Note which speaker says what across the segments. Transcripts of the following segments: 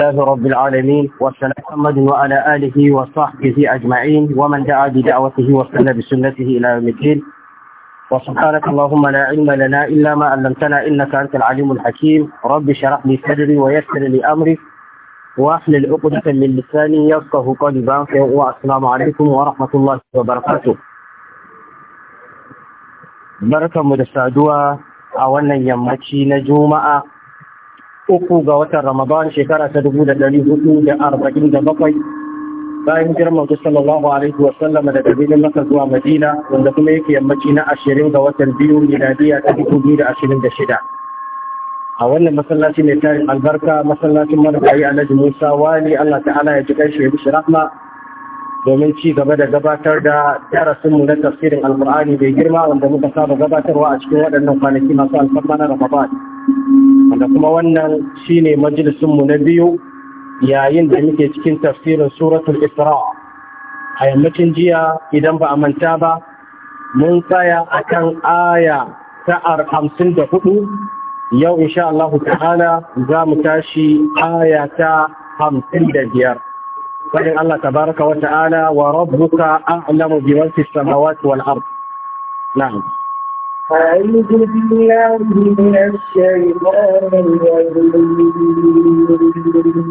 Speaker 1: لله رب العالمين وصلى محمد وعلى آله وصحبه أجمعين ومن دعا بدعوته وصلى بسنته إلى يوم الدين وسبحانك اللهم لا علم لنا إلا ما علمتنا إنك أنت العليم الحكيم رب شرح لي صدري ويسر لي أمري واحلل عقدة من لساني يفقه قلبا والسلام عليكم ورحمة الله وبركاته بركة مدسادوة أولا wannan yammaci uku ga watan Ramadan shekara ta dubu da ɗari hudu da arba'in da bakwai bayan girman ku sallallahu alaihi wa sallam daga birnin Makka zuwa Madina wanda kuma yake yammaci na ashirin ga watan biyu miladiya ta dubu biyu da ashirin da shida. A wannan masallaci mai tarin albarka masallacin a Alhaji Musa Wali Allah ta'ala ya ji kai shi bishi rahma domin ci gaba da gabatar da darasinmu na tafsirin Alƙur'ani bai girma wanda muka saba gabatarwa a cikin waɗannan kwanaki masu alfarma Ramadan. wanda kuma wannan shine majalisunmu na biyu yayin da muke cikin tafsirin suratul isra a yammacin jiya idan ba a manta ba mun tsaya kan aya ta hamsin da hudu yau insha Allah ta'ala za mu tashi aya ta hamsin da biyar fadin Allah tabaraka wa ta'ala wa rabbuka a'lamu bi man fis samawati wal ard na'am
Speaker 2: أعوذ بالله من الشيطان الرجيم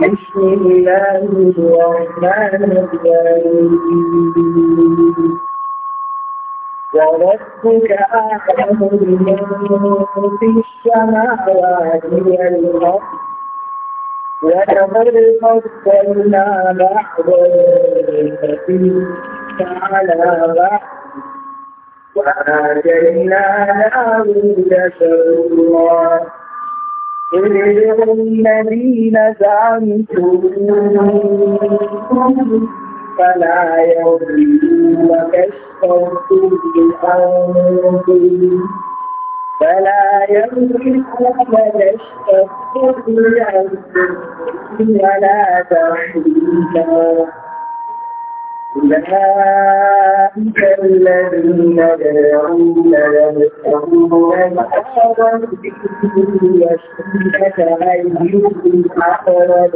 Speaker 2: بسم الله الرحمن الرحيم وربك أعلم بمن في السماوات والأرض ولقد فضلنا بعض الذين على بعض وآتينا داود شكورا ادعوا الذين زعمتم فلا يضلوا وكشفتم بأنفسهم فلا يملكون نشأة الأرض ولا تحريكا أولئك الذين يدعون يبتغون الحرم يشركك أيهم أقرب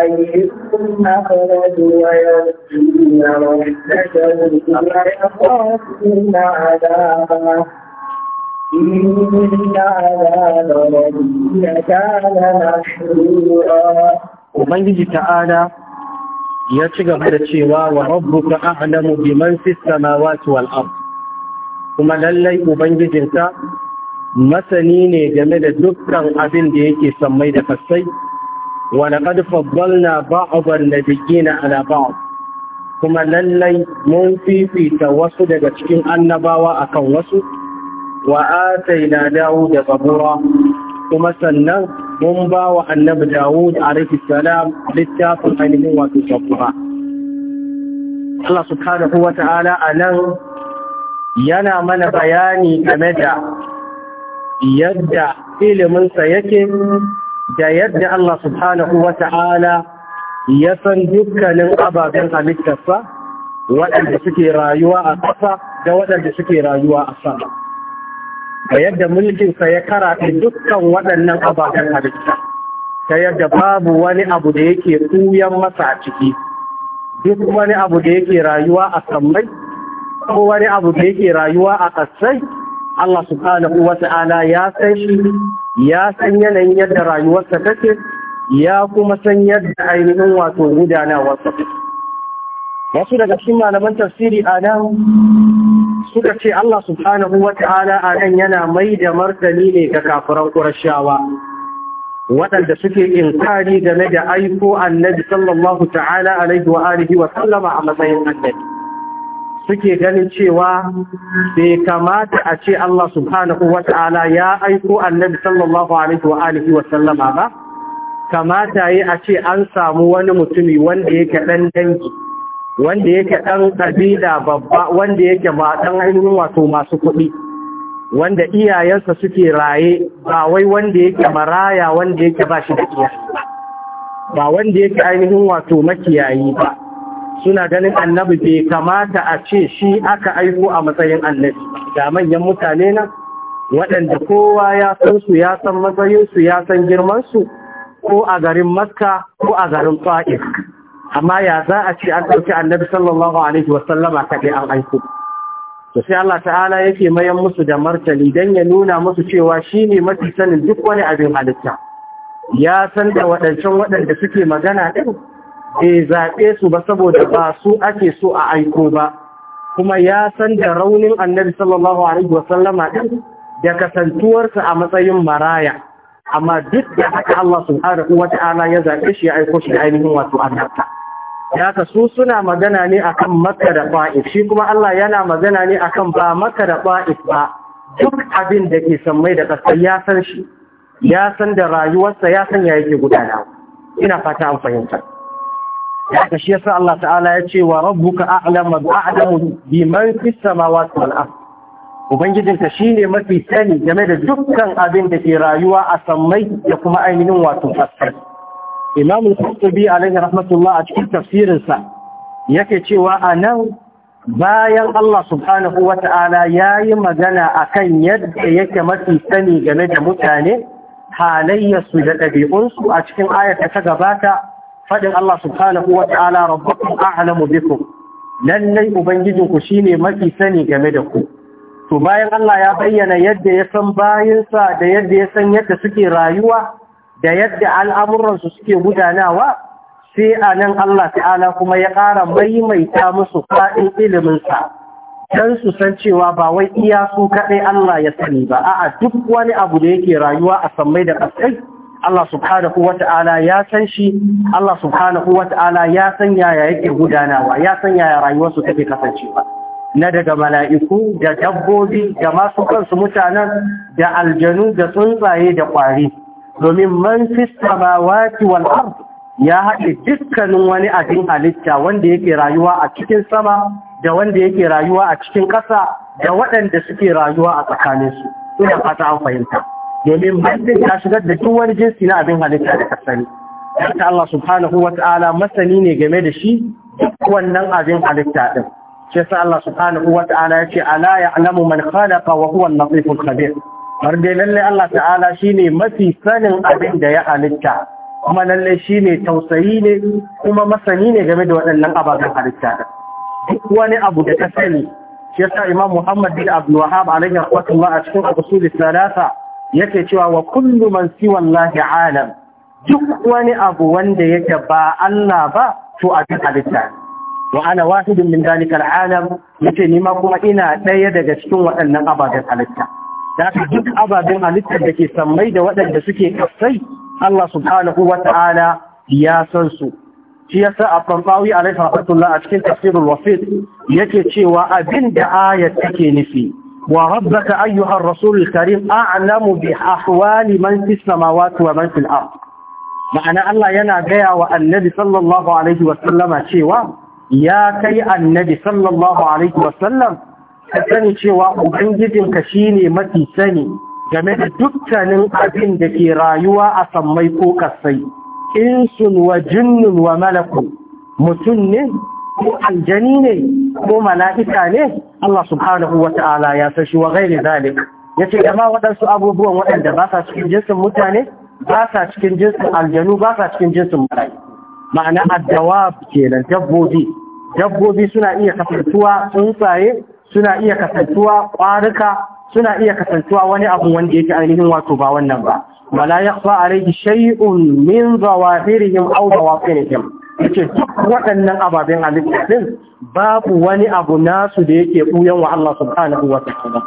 Speaker 2: أيهم أقرب ويرجون ربهم ويخافون عذابه إن عذاب ربك كان محذورا ومن يجي تعالى
Speaker 1: ya ci gaba da cewa wa rabbuka a'lamu biman fis samawati wal ard kuma lallai ubangijinka masani ne game da dukkan abin da yake sammai da fassai wa laqad faddalna ba'dhan nabiyina ala ba'd kuma lallai mun fifita wasu daga cikin annabawa akan wasu wa dawo da zabura kuma sannan mun ba wa annabi Dawud alaihi salam littafin ainihin wato Zabura Allah subhanahu wa ta'ala anan yana mana bayani game da yadda iliminsa yake da yadda Allah subhanahu wa ta'ala ya san dukkanin ababen halittarsa waɗanda suke rayuwa a ƙasa da waɗanda suke rayuwa a sama da yadda mulkinsa ya karaɗe dukkan waɗannan ababen halitta ta yadda babu wani abu da yake tsuyan masa a ciki duk wani abu da yake rayuwa a sammai ko wani abu da yake rayuwa a ƙasai Allah subhanahu wa ta'ala ya san shi ya san yanayin yadda rayuwarsa take ya kuma san yadda ainihin wato gudana take wasu daga cikin malaman tafsiri a nan suka ce Allah subhanahu wa ta'ala a nan yana mai da martani ne ga kafiran ƙurashawa waɗanda suke inkari game da aiko annabi sallallahu ta'ala alaihi wa alihi wa sallama a matsayin annabi suke ganin cewa bai kamata a ce Allah subhanahu wa ta'ala ya aiko annabi sallallahu alaihi wa alihi wa sallama ba kamata yi a ce an samu wani mutumi wanda yake ɗan dangi wanda yake ɗan ƙabila babba wanda yake ba ɗan ainihin wato masu kuɗi wanda iyayensa suke raye ba wai wanda yake maraya wanda yake ba shi da iya ba wanda yake ainihin wato makiyayi ba suna ganin annabi bai kamata a ce shi aka aiko a matsayin annabi ga manyan mutane nan waɗanda kowa ya san su ya san matsayinsu ya san girmansu ko a garin Maska ko a garin fa'ir amma ya za a ce an ɗauki annabi sallallahu alaihi wasallama kaɗai an aiko to sai Allah ta'ala yake mayan musu da martani don ya nuna musu cewa shine ne mafi sanin duk wani abin halitta ya san da waɗancan waɗanda suke magana ɗin bai zaɓe su ba saboda ba su ake so a aiko ba kuma ya san da raunin annabi sallallahu alaihi wasallama ɗin da kasantuwarsa a matsayin maraya amma duk da haka Allah subhanahu ta'ala ya zaɓe shi ya aiko shi da ainihin wato annabta Yaka su suna magana ne akan maka da Fa'if, shi kuma Allah yana magana ne akan ba maka da Fa'if ba, duk abin da ke mai da ƙasar ya san shi, ya san da rayuwarsa ya san ya yake gudana. Ina fata an fahimta. ka shi yasa Allah ta'ala ya ce wa rabbuka a'lamu bi man fis samawati wal ardh. Ubangijinka shi ne mafi sani game da dukkan abin da ke rayuwa a sammai da kuma ainihin wato ƙasar. Imam al-Qurtubi alaihi rahmatullah a cikin tafsirinsa yake cewa a nan bayan Allah subhanahu wa ta'ala ya yi magana a kan yadda yake mafi sani game da mutane halayyarsu da ɗabi'unsu a cikin ayata ta gabata faɗin Allah subhanahu wa ta'ala rabbakun a'alamu bikum lallai Ubangijinku shi ne mafi sani game da ku. To bayan Allah ya bayyana yadda ya san bayansa da yadda ya san yadda suke rayuwa da yadda al'amuransu suke gudanawa sai a nan Allah ta'ala kuma ya ƙara maimaita musu faɗin iliminsa don su san cewa ba wai iya su kaɗai Allah ya sani ba a'a duk wani abu da yake rayuwa a sammai da ƙasai Allah subhanahu wa ta'ala ya san shi Allah subhanahu wa ta'ala ya san yaya yake gudanawa ya san yaya rayuwarsu take kasancewa na daga mala'iku da dabbobi da masu kansu mutanen da aljanu da tsuntsaye da ƙwari domin man fi wati wal ya haɗe dukkanin wani abin halitta wanda yake rayuwa a cikin sama da wanda yake rayuwa a cikin ƙasa da waɗanda suke rayuwa a tsakaninsu ina fata an fahimta domin bandin ya shigar da duk wani jinsi na abin halitta da ka sani ta Allah subhanahu wa ta'ala masani ne game da shi wannan abin halitta ɗin. shi yasa Allah subhanahu wa ta'ala ya ce ala ya'lamu man khalaqa wa huwa an-latiful khabir har dai lalle Allah ta'ala shine mafi sanin abin da ya halitta kuma lalle shine tausayi ne kuma masani ne game da waɗannan ababen halitta duk wani abu da ta sani shi yasa Imam Muhammad bin Abdul Wahhab alaihi rahmatullah a cikin usul salasa yake cewa wa kullu man siwa Allah alam duk wani abu wanda yake ba Allah ba to abin halitta wa ana wahidun min dalika alam yace ni ma kuma ina ɗaya daga cikin waɗannan ababen halitta da aka duk ababen halittar da ke sammai da waɗanda suke kasai Allah subhanahu wa ta'ala ya san su shi yasa a a cikin tafsirul wasit yake cewa abin da ayat take nufi wa rabbaka ayyuhar rasulul karim a'lamu bi ahwali man fis samawati wa man fil ard ma'ana Allah yana gaya wa annabi sallallahu alaihi wa sallama cewa ya kai annabi sallallahu alaihi wa sallam ka sani cewa ubangijinka shine mafi sani game da dukkanin abin da ke rayuwa a sammai ko kasai insun wa jinnun wa malaku mutum ne ko aljani ne ko mala'ika ne Allah subhanahu wa ta'ala ya san shi wa ghairi zalik yace amma waɗansu abubuwan waɗanda ba sa cikin jinsin mutane ba sa cikin jinsin aljanu ba sa cikin jinsin mala'ika ma'ana addawab kenan dabbobi dabbobi suna iya kasantuwa tsuntsaye suna iya kasantuwa ƙwarika suna iya kasantuwa wani abu wanda yake ainihin wato ba wannan ba wala yakhfa alayhi shay'un min zawahirihim aw bawatinihim yace duk waɗannan ababen halitta din babu wani abu nasu da yake buyan wa Allah subhanahu wa ta'ala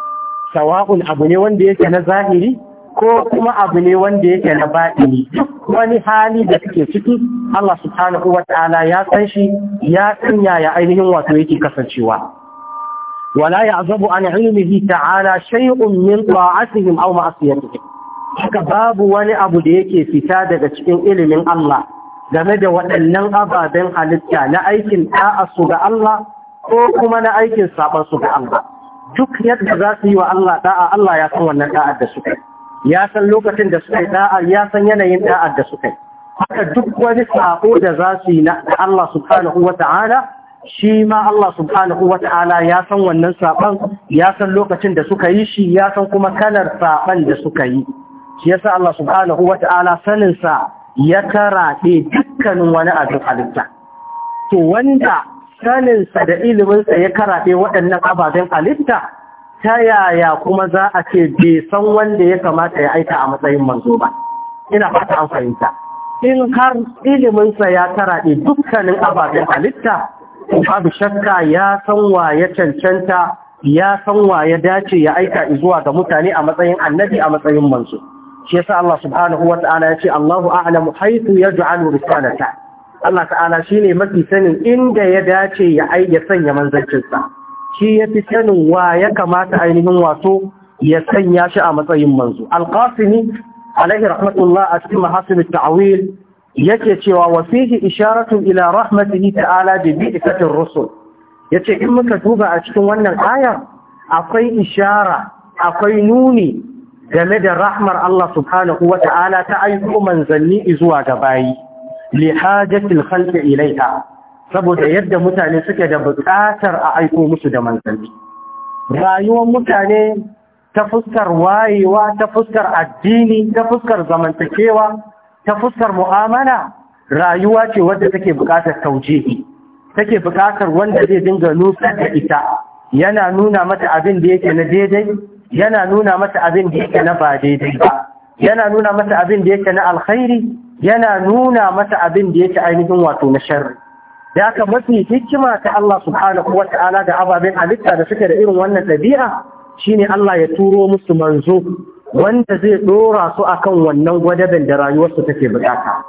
Speaker 1: sawa'un abu ne wanda yake na zahiri ko kuma abu ne wanda yake na batini wani hali da suke ciki Allah subhanahu wa ta'ala ya san shi ya san ya ainihin wato yake kasancewa wala ya'zabu an ilmihi ta'ala shay'un min ta'atihim aw ma'asiyatihim haka babu wani abu da yake fita daga cikin ilimin Allah game da waɗannan ababen halitta na aikin ta'a su ga Allah ko kuma na aikin saban su ga Allah duk yadda za su yi wa Allah da'a Allah ya san wannan da'ar da suka ya san lokacin da su kai da'ar ya san yanayin da'ar da su kai. haka duk wani sako da za su yi na Allah subhanahu wa ta'ala shi ma Allah subhanahu Ta'ala ya san wannan saban ya san lokacin da suka yi shi ya san kuma kalar saban da suka yi shi yasa Allah subhanahu wata'ala sanin sa ya karaɗe dukkanin wani abin halitta to wanda saninsa da iliminsa ya karaɗe waɗannan ababen halitta ta yaya kuma za a ce bai san wanda ya kamata ya aika a matsayin manzo ba ina fata an fahimta in har iliminsa ya karaɗe dukkanin ababen halitta babu shakka ya san wa ya cancanta ya san wa ya dace ya aika zuwa ga mutane a matsayin annabi a matsayin manzo shi yasa Allah subhanahu wata'ala ya ce Allahu a'lamu haythu yaj'alu risalata Allah ta'ala shine mafi sanin inda ya dace ya aika sanya sa. shi yafi sanin wa ya kamata ainihin wato ya sanya shi a matsayin manzo alqasimi alaihi rahmatullah a cikin mahasin ta'wil yake cewa wa isharatu ila rahmatihi ta'ala bi bi'katir rusul yace in muka duba a cikin wannan aya akwai ishara akwai nuni game da rahmar Allah subhanahu wa ta'ala ta aiko manzanni zuwa ga bayi li hajatil khalqi saboda yadda mutane suke da buƙatar a aiko musu da manzanni rayuwar mutane ta fuskar wayewa ta fuskar addini ta fuskar zamantakewa ta fuskar mu'amala rayuwa ce wadda take buƙatar taujihi take buƙatar wanda zai dinga nusa da ita yana nuna mata abin da yake na daidai yana nuna mata abin da yake na ba daidai ba yana nuna mata abin da yake na alkhairi yana nuna mata abin da yake ainihin wato na sharri da haka mafi hikima ta Allah subhanahu Ta'ala da ababen halitta da suke da irin wannan ɗabi'a shine Allah ya turo musu manzo wanda zai dora su akan wannan gwadaben da rayuwarsu take bukata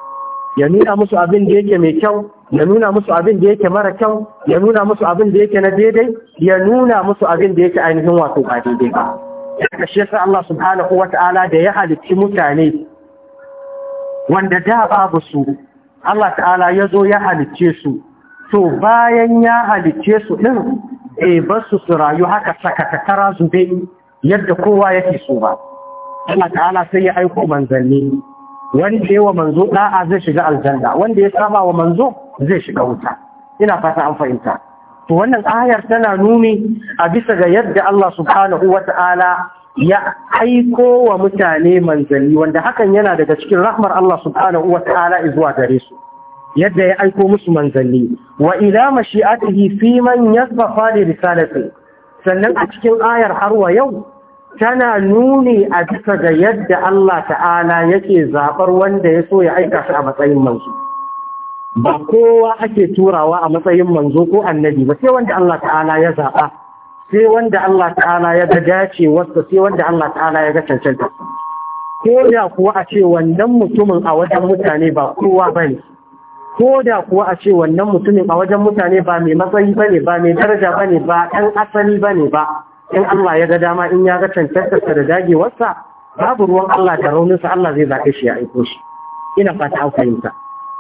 Speaker 1: ya nuna musu abin da yake mai kyau ya nuna musu abin da yake mara kyau ya nuna musu abin da yake na daidai ya nuna musu abin da yake ainihin wato ba daidai ba daga shi yasa Allah subhanahu wata'ala da ya halicci mutane wanda da babu su Allah ta'ala ya zo ya halicce su to bayan ya halicce su din eh basu su rayu haka saka zube yadda kowa yake so ba Allah ta'ala sai ya aiko manzanni wanda yawa manzo da'a zai shiga aljanna wanda ya saba wa manzo zai shiga wuta ina fata an fahimta to wannan ayar tana nuni a bisa ga yadda Allah subhanahu wata'ala ya aiko wa mutane manzanni wanda hakan yana daga cikin rahmar Allah subhanahu wata'ala zuwa gare su yadda ya aiko musu manzanni wa ila mashi'atihi fi man yasfa li risalati sannan a cikin ayar har wa yau tana nuni a bisa ga yadda Allah ta'ala yake zaɓar wanda ya so ya aika shi a matsayin manzo ba kowa ake turawa a matsayin manzo ko annabi ba sai wanda Allah ta'ala ya zaɓa sai wanda Allah ta'ala ya ga dace wasu. sai wanda Allah ta'ala ya ga cancanta ko da kuwa a ce wannan mutumin a wajen mutane ba kowa ba ne? ko da kuwa a ce wannan mutumin a wajen mutane ba mai matsayi bane ba mai daraja bane ba ɗan asali bane ba in Allah ya ga dama in ya ga cancantarsa da dagewarsa babu ruwan Allah da rauninsa Allah zai zaɓe shi ya aiko shi ina fata an fahimta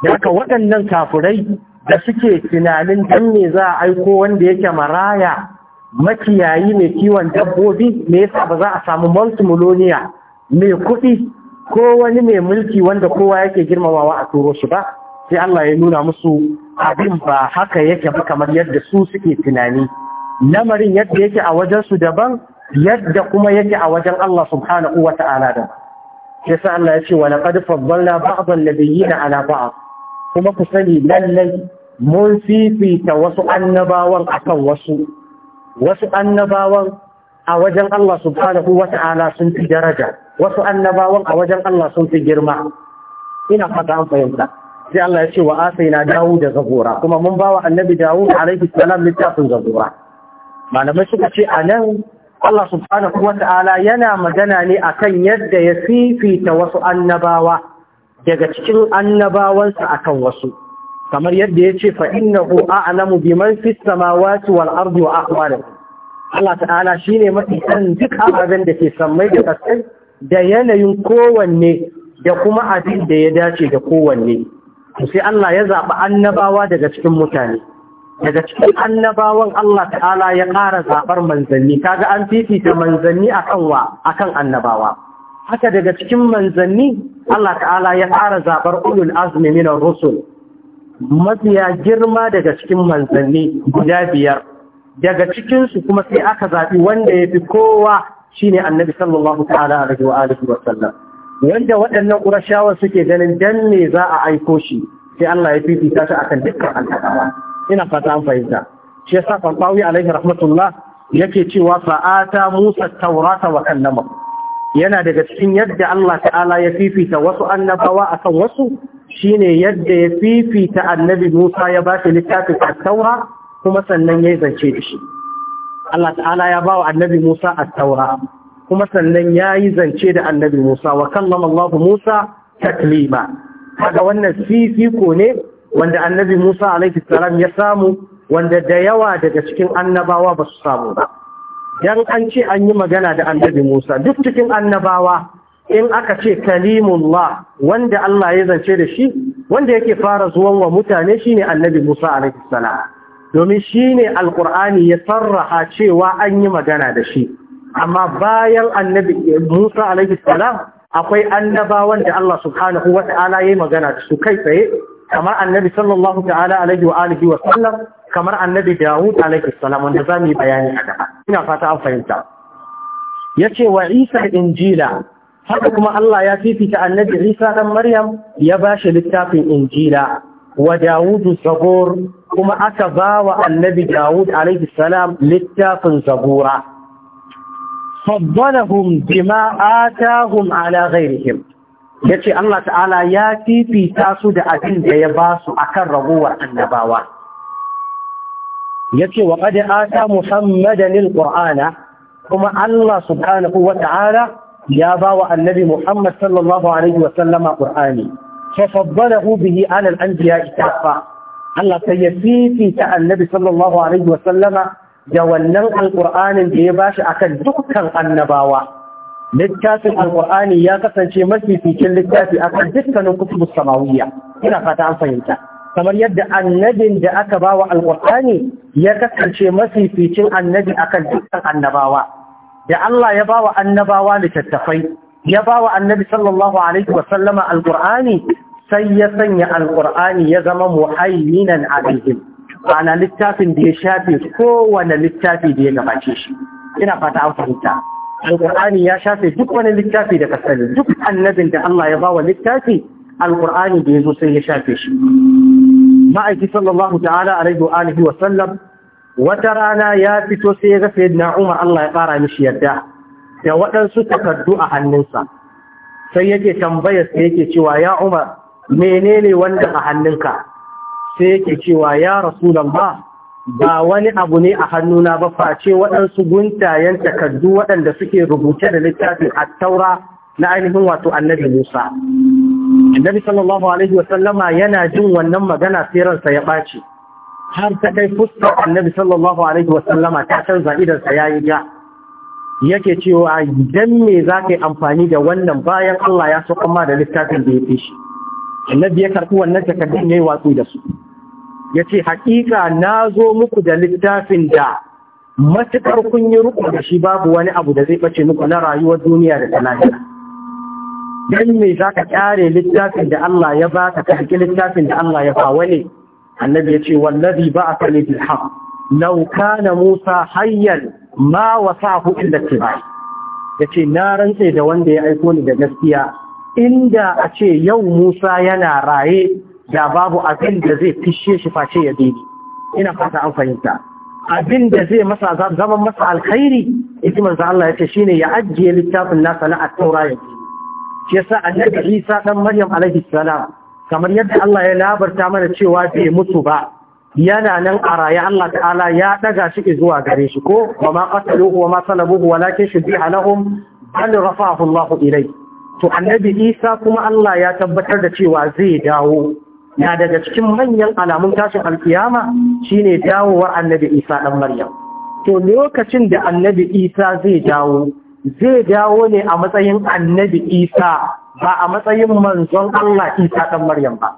Speaker 1: da aka waɗannan kafurai da suke tunanin dan me za a aiko wanda yake maraya makiyayi mai kiwon dabbobi me yasa ba za a samu multimiloniya mai kuɗi ko wani mai mulki wanda kowa yake girmamawa a turo shi ba sai Allah ya nuna musu abin ba haka yake ba kamar yadda su suke tunani lamarin yadda yake a wajensu daban yadda kuma yake a wajen Allah subhanahu wa ta'ala da sa Allah ya ce wa laqad faddalna ba'd an-nabiyyina ala kuma ku sani lallai mun fifita wasu annabawan akan wasu wasu annabawan a wajen Allah subhanahu wa ta'ala sun fi daraja wasu annabawan a wajen Allah sun fi girma ina fata an fahimta sai Allah ya ce wa na dawo da Zabura kuma mun bawa annabi dawo Dawud alaihi salam littafin Zabura malamai suka ce a nan Allah subhanahu wa ta'ala yana magana ne a kan yadda ya fifita wasu annabawa daga cikin annabawansa a kan wasu kamar yadda ya ce na fa'innahu bi biman fista ma wal wal’arzu a ahwalahu Allah ta'ala shine mafi san duk abinda da ke sammai da kasai da yanayin kowanne da kuma abin da ya dace da kowanne sai Allah ya zaɓi annabawa daga cikin mutane daga cikin annabawan Allah ta'ala ya ƙara zaɓar manzanni kaga an fifita manzanni akan wa akan annabawa haka daga cikin manzanni Allah ta'ala ya ƙara zaɓar ulul azmi minar rusul mafiya girma daga cikin manzanni guda biyar daga cikinsu kuma sai aka zaɓi wanda ya fi kowa shine annabi sallallahu ta'ala alaihi wa alihi wa sallam wanda waɗannan ƙurashawa suke ganin dan ne za a aiko shi sai Allah ya fifita shi akan dukkan annabawa ina fata an fahimta shi yasa fanfawi alaihi rahmatullah yake cewa fa'ata Musa taurata wa kallama yana daga cikin yadda Allah ta'ala ya fifita wasu annabawa akan wasu shine yadda ya fifita annabi Musa ya ba shi littafin at-taura kuma sannan ya zance da shi Allah ta'ala ya ba wa annabi Musa at-taura kuma sannan ya yi zance da annabi Musa wa kallama Allah Musa taklima kaga wannan fifiko ne wanda annabi Musa alaihi salam ya samu wanda da yawa daga cikin annabawa ba su samu ba dan an ce an yi magana da annabi Musa duk cikin annabawa in aka ce kalimullah wanda Allah ya zance da shi wanda yake fara zuwan wa mutane shine annabi Musa alaihi salam domin shine alqur'ani ya sarraha cewa an yi magana da shi amma bayan annabi Musa alaihi salam akwai annabawan da Allah subhanahu wata'ala ya yi magana da su kai tsaye kamar annabi sallallahu ta'ala alaihi wa alihi wa sallam kamar annabi Dawud alaihi salam wanda za mu yi bayani a gaba ina fata an fahimta yace wa Isa injila haka kuma Allah ya fifita annabi Isa dan Maryam ya bashi littafin injila wa Dawud zabur kuma aka ba wa annabi Dawud alaihi salam littafin zabura faddalahum bima atahum ala ghairihim ya ce Allah ta'ala ya fifita su da abin da ya ba su a kan ragowar annabawa ya ce wa ƙadi ata muhammadanil ƙur'ana kuma Allah subhanahu wa ta'ala ya ba wa annabi muhammad sallallahu alaihi wa sallama ƙur'ani fafabbalahu anan alal anbiya itafa Allah sai ya fifita annabi sallallahu alaihi wa sallama da wannan alƙur'anin da ya bashi akan dukkan annabawa littafin Alƙur'ani ya kasance mafificin littafi akan dukkanin kutubus samawiyya ina fata an fahimta kamar yadda annabin da aka ba wa Alƙur'ani ya kasance mafificin annabi akan dukkan annabawa da Allah ya ba wa annabawa littattafai ya ba wa annabi sallallahu alaihi wa sallama Alƙur'ani, sai ya sanya Alƙur'ani ya zama muhaiminan alaihim ana littafin da ya shafe kowane littafi da ya gabace shi ina fata an fahimta alqur'ani ya shafe duk wani littafi da kasali duk annabin da Allah ya ba wa littafi alqur'ani da zo sai ya shafe shi ma'aiki sallallahu ta'ala alaihi wa alihi wa sallam wata rana ya fito sai ya ga sayyidina Umar Allah ya fara mishi yadda da waɗansu takardu a hannunsa sai yake tambaya sai yake cewa ya Umar menene wanda a hannunka sai yake cewa ya Rasulallah! ba wani abu ne a hannuna ba face waɗansu guntayen takardu waɗanda suke rubuce da littafin taura na ainihin wato annabi Musa. Annabi sallallahu Alaihi wasallama yana jin wannan magana sai ransa ya ɓaci. Har ta kai fuskar annabi sallallahu Alaihi wasallama ta canza idansa ya yi ja. Yake cewa idan me za ka yi amfani da wannan bayan Allah ya so kuma da littafin da ya fi shi. Annabi ya karɓi wannan takardun ya yi watsi da su. ya ce haƙiƙa na zo muku da littafin da matuƙar kun yi ruku da shi babu wani abu da zai ɓace muku na rayuwar duniya da talata don me za ka ƙyare littafin da Allah ya ba ka ka littafin da Allah ya ba ne? annabi ya ce wallazi ba a kane bil haq nauka na musa hayyar ma ke. illa Ya yace na rantse da wanda ya aiko ni da gaskiya inda a ce yau musa yana raye da babu abin da zai fishe shi face ya daidai ina fata an fahimta abin da zai masa zama masa alkhairi ita manzo Allah yace shine ya ajiye littafin nasa na at-taura ya shi yasa annabi Isa dan Maryam alaihi salam kamar yadda Allah ya labarta mana cewa bai mutu ba yana nan a raye Allah ta'ala ya daga shi zuwa gare shi ko wa ma qataluhu wa ma salabuhu walakin shubiha lahum bal rafa'ahu Allah ilai to annabi Isa kuma Allah ya tabbatar da cewa zai dawo na daga cikin manyan alamun tashin alkiyama shine dawowar annabi isa ɗan maryam to lokacin da annabi isa zai dawo zai dawo ne a matsayin annabi isa ba a matsayin manzon allah isa ɗan maryam ba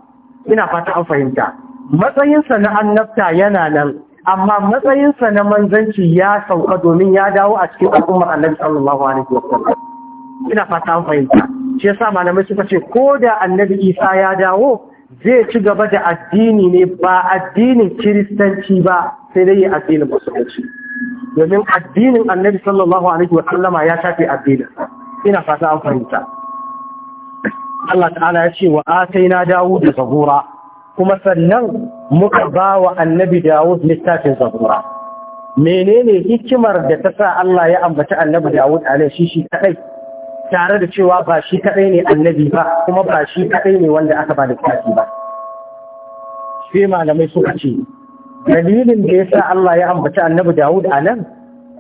Speaker 1: ina fata an fahimta matsayinsa na annabta yana nan amma matsayinsa na manzanci ya sauka domin ya dawo a cikin al'ummar annabi sallallahu alaihi wasallam ina fata an fahimta shi yasa malamai suka ce ko da annabi isa ya dawo zai ci gaba da addini ne ba addinin kiristanci ba sai dai addinin musulunci domin addinin annabi sallallahu alaihi wa sallama ya shafe addinin ina fata an fahimta Allah ta'ala ya ce wa ataina Dawud da Zabura kuma sannan muka ba wa annabi Dawud littafin Zabura menene hikimar da ta sa Allah ya ambaci annabi Dawud alaihi shi kadai tare da cewa ba shi kaɗai ne annabi ba kuma ba shi kadai ne wanda aka ba littafi ba sai malamai suka ce dalilin da ya sa Allah ya ambaci annabi Dawud a nan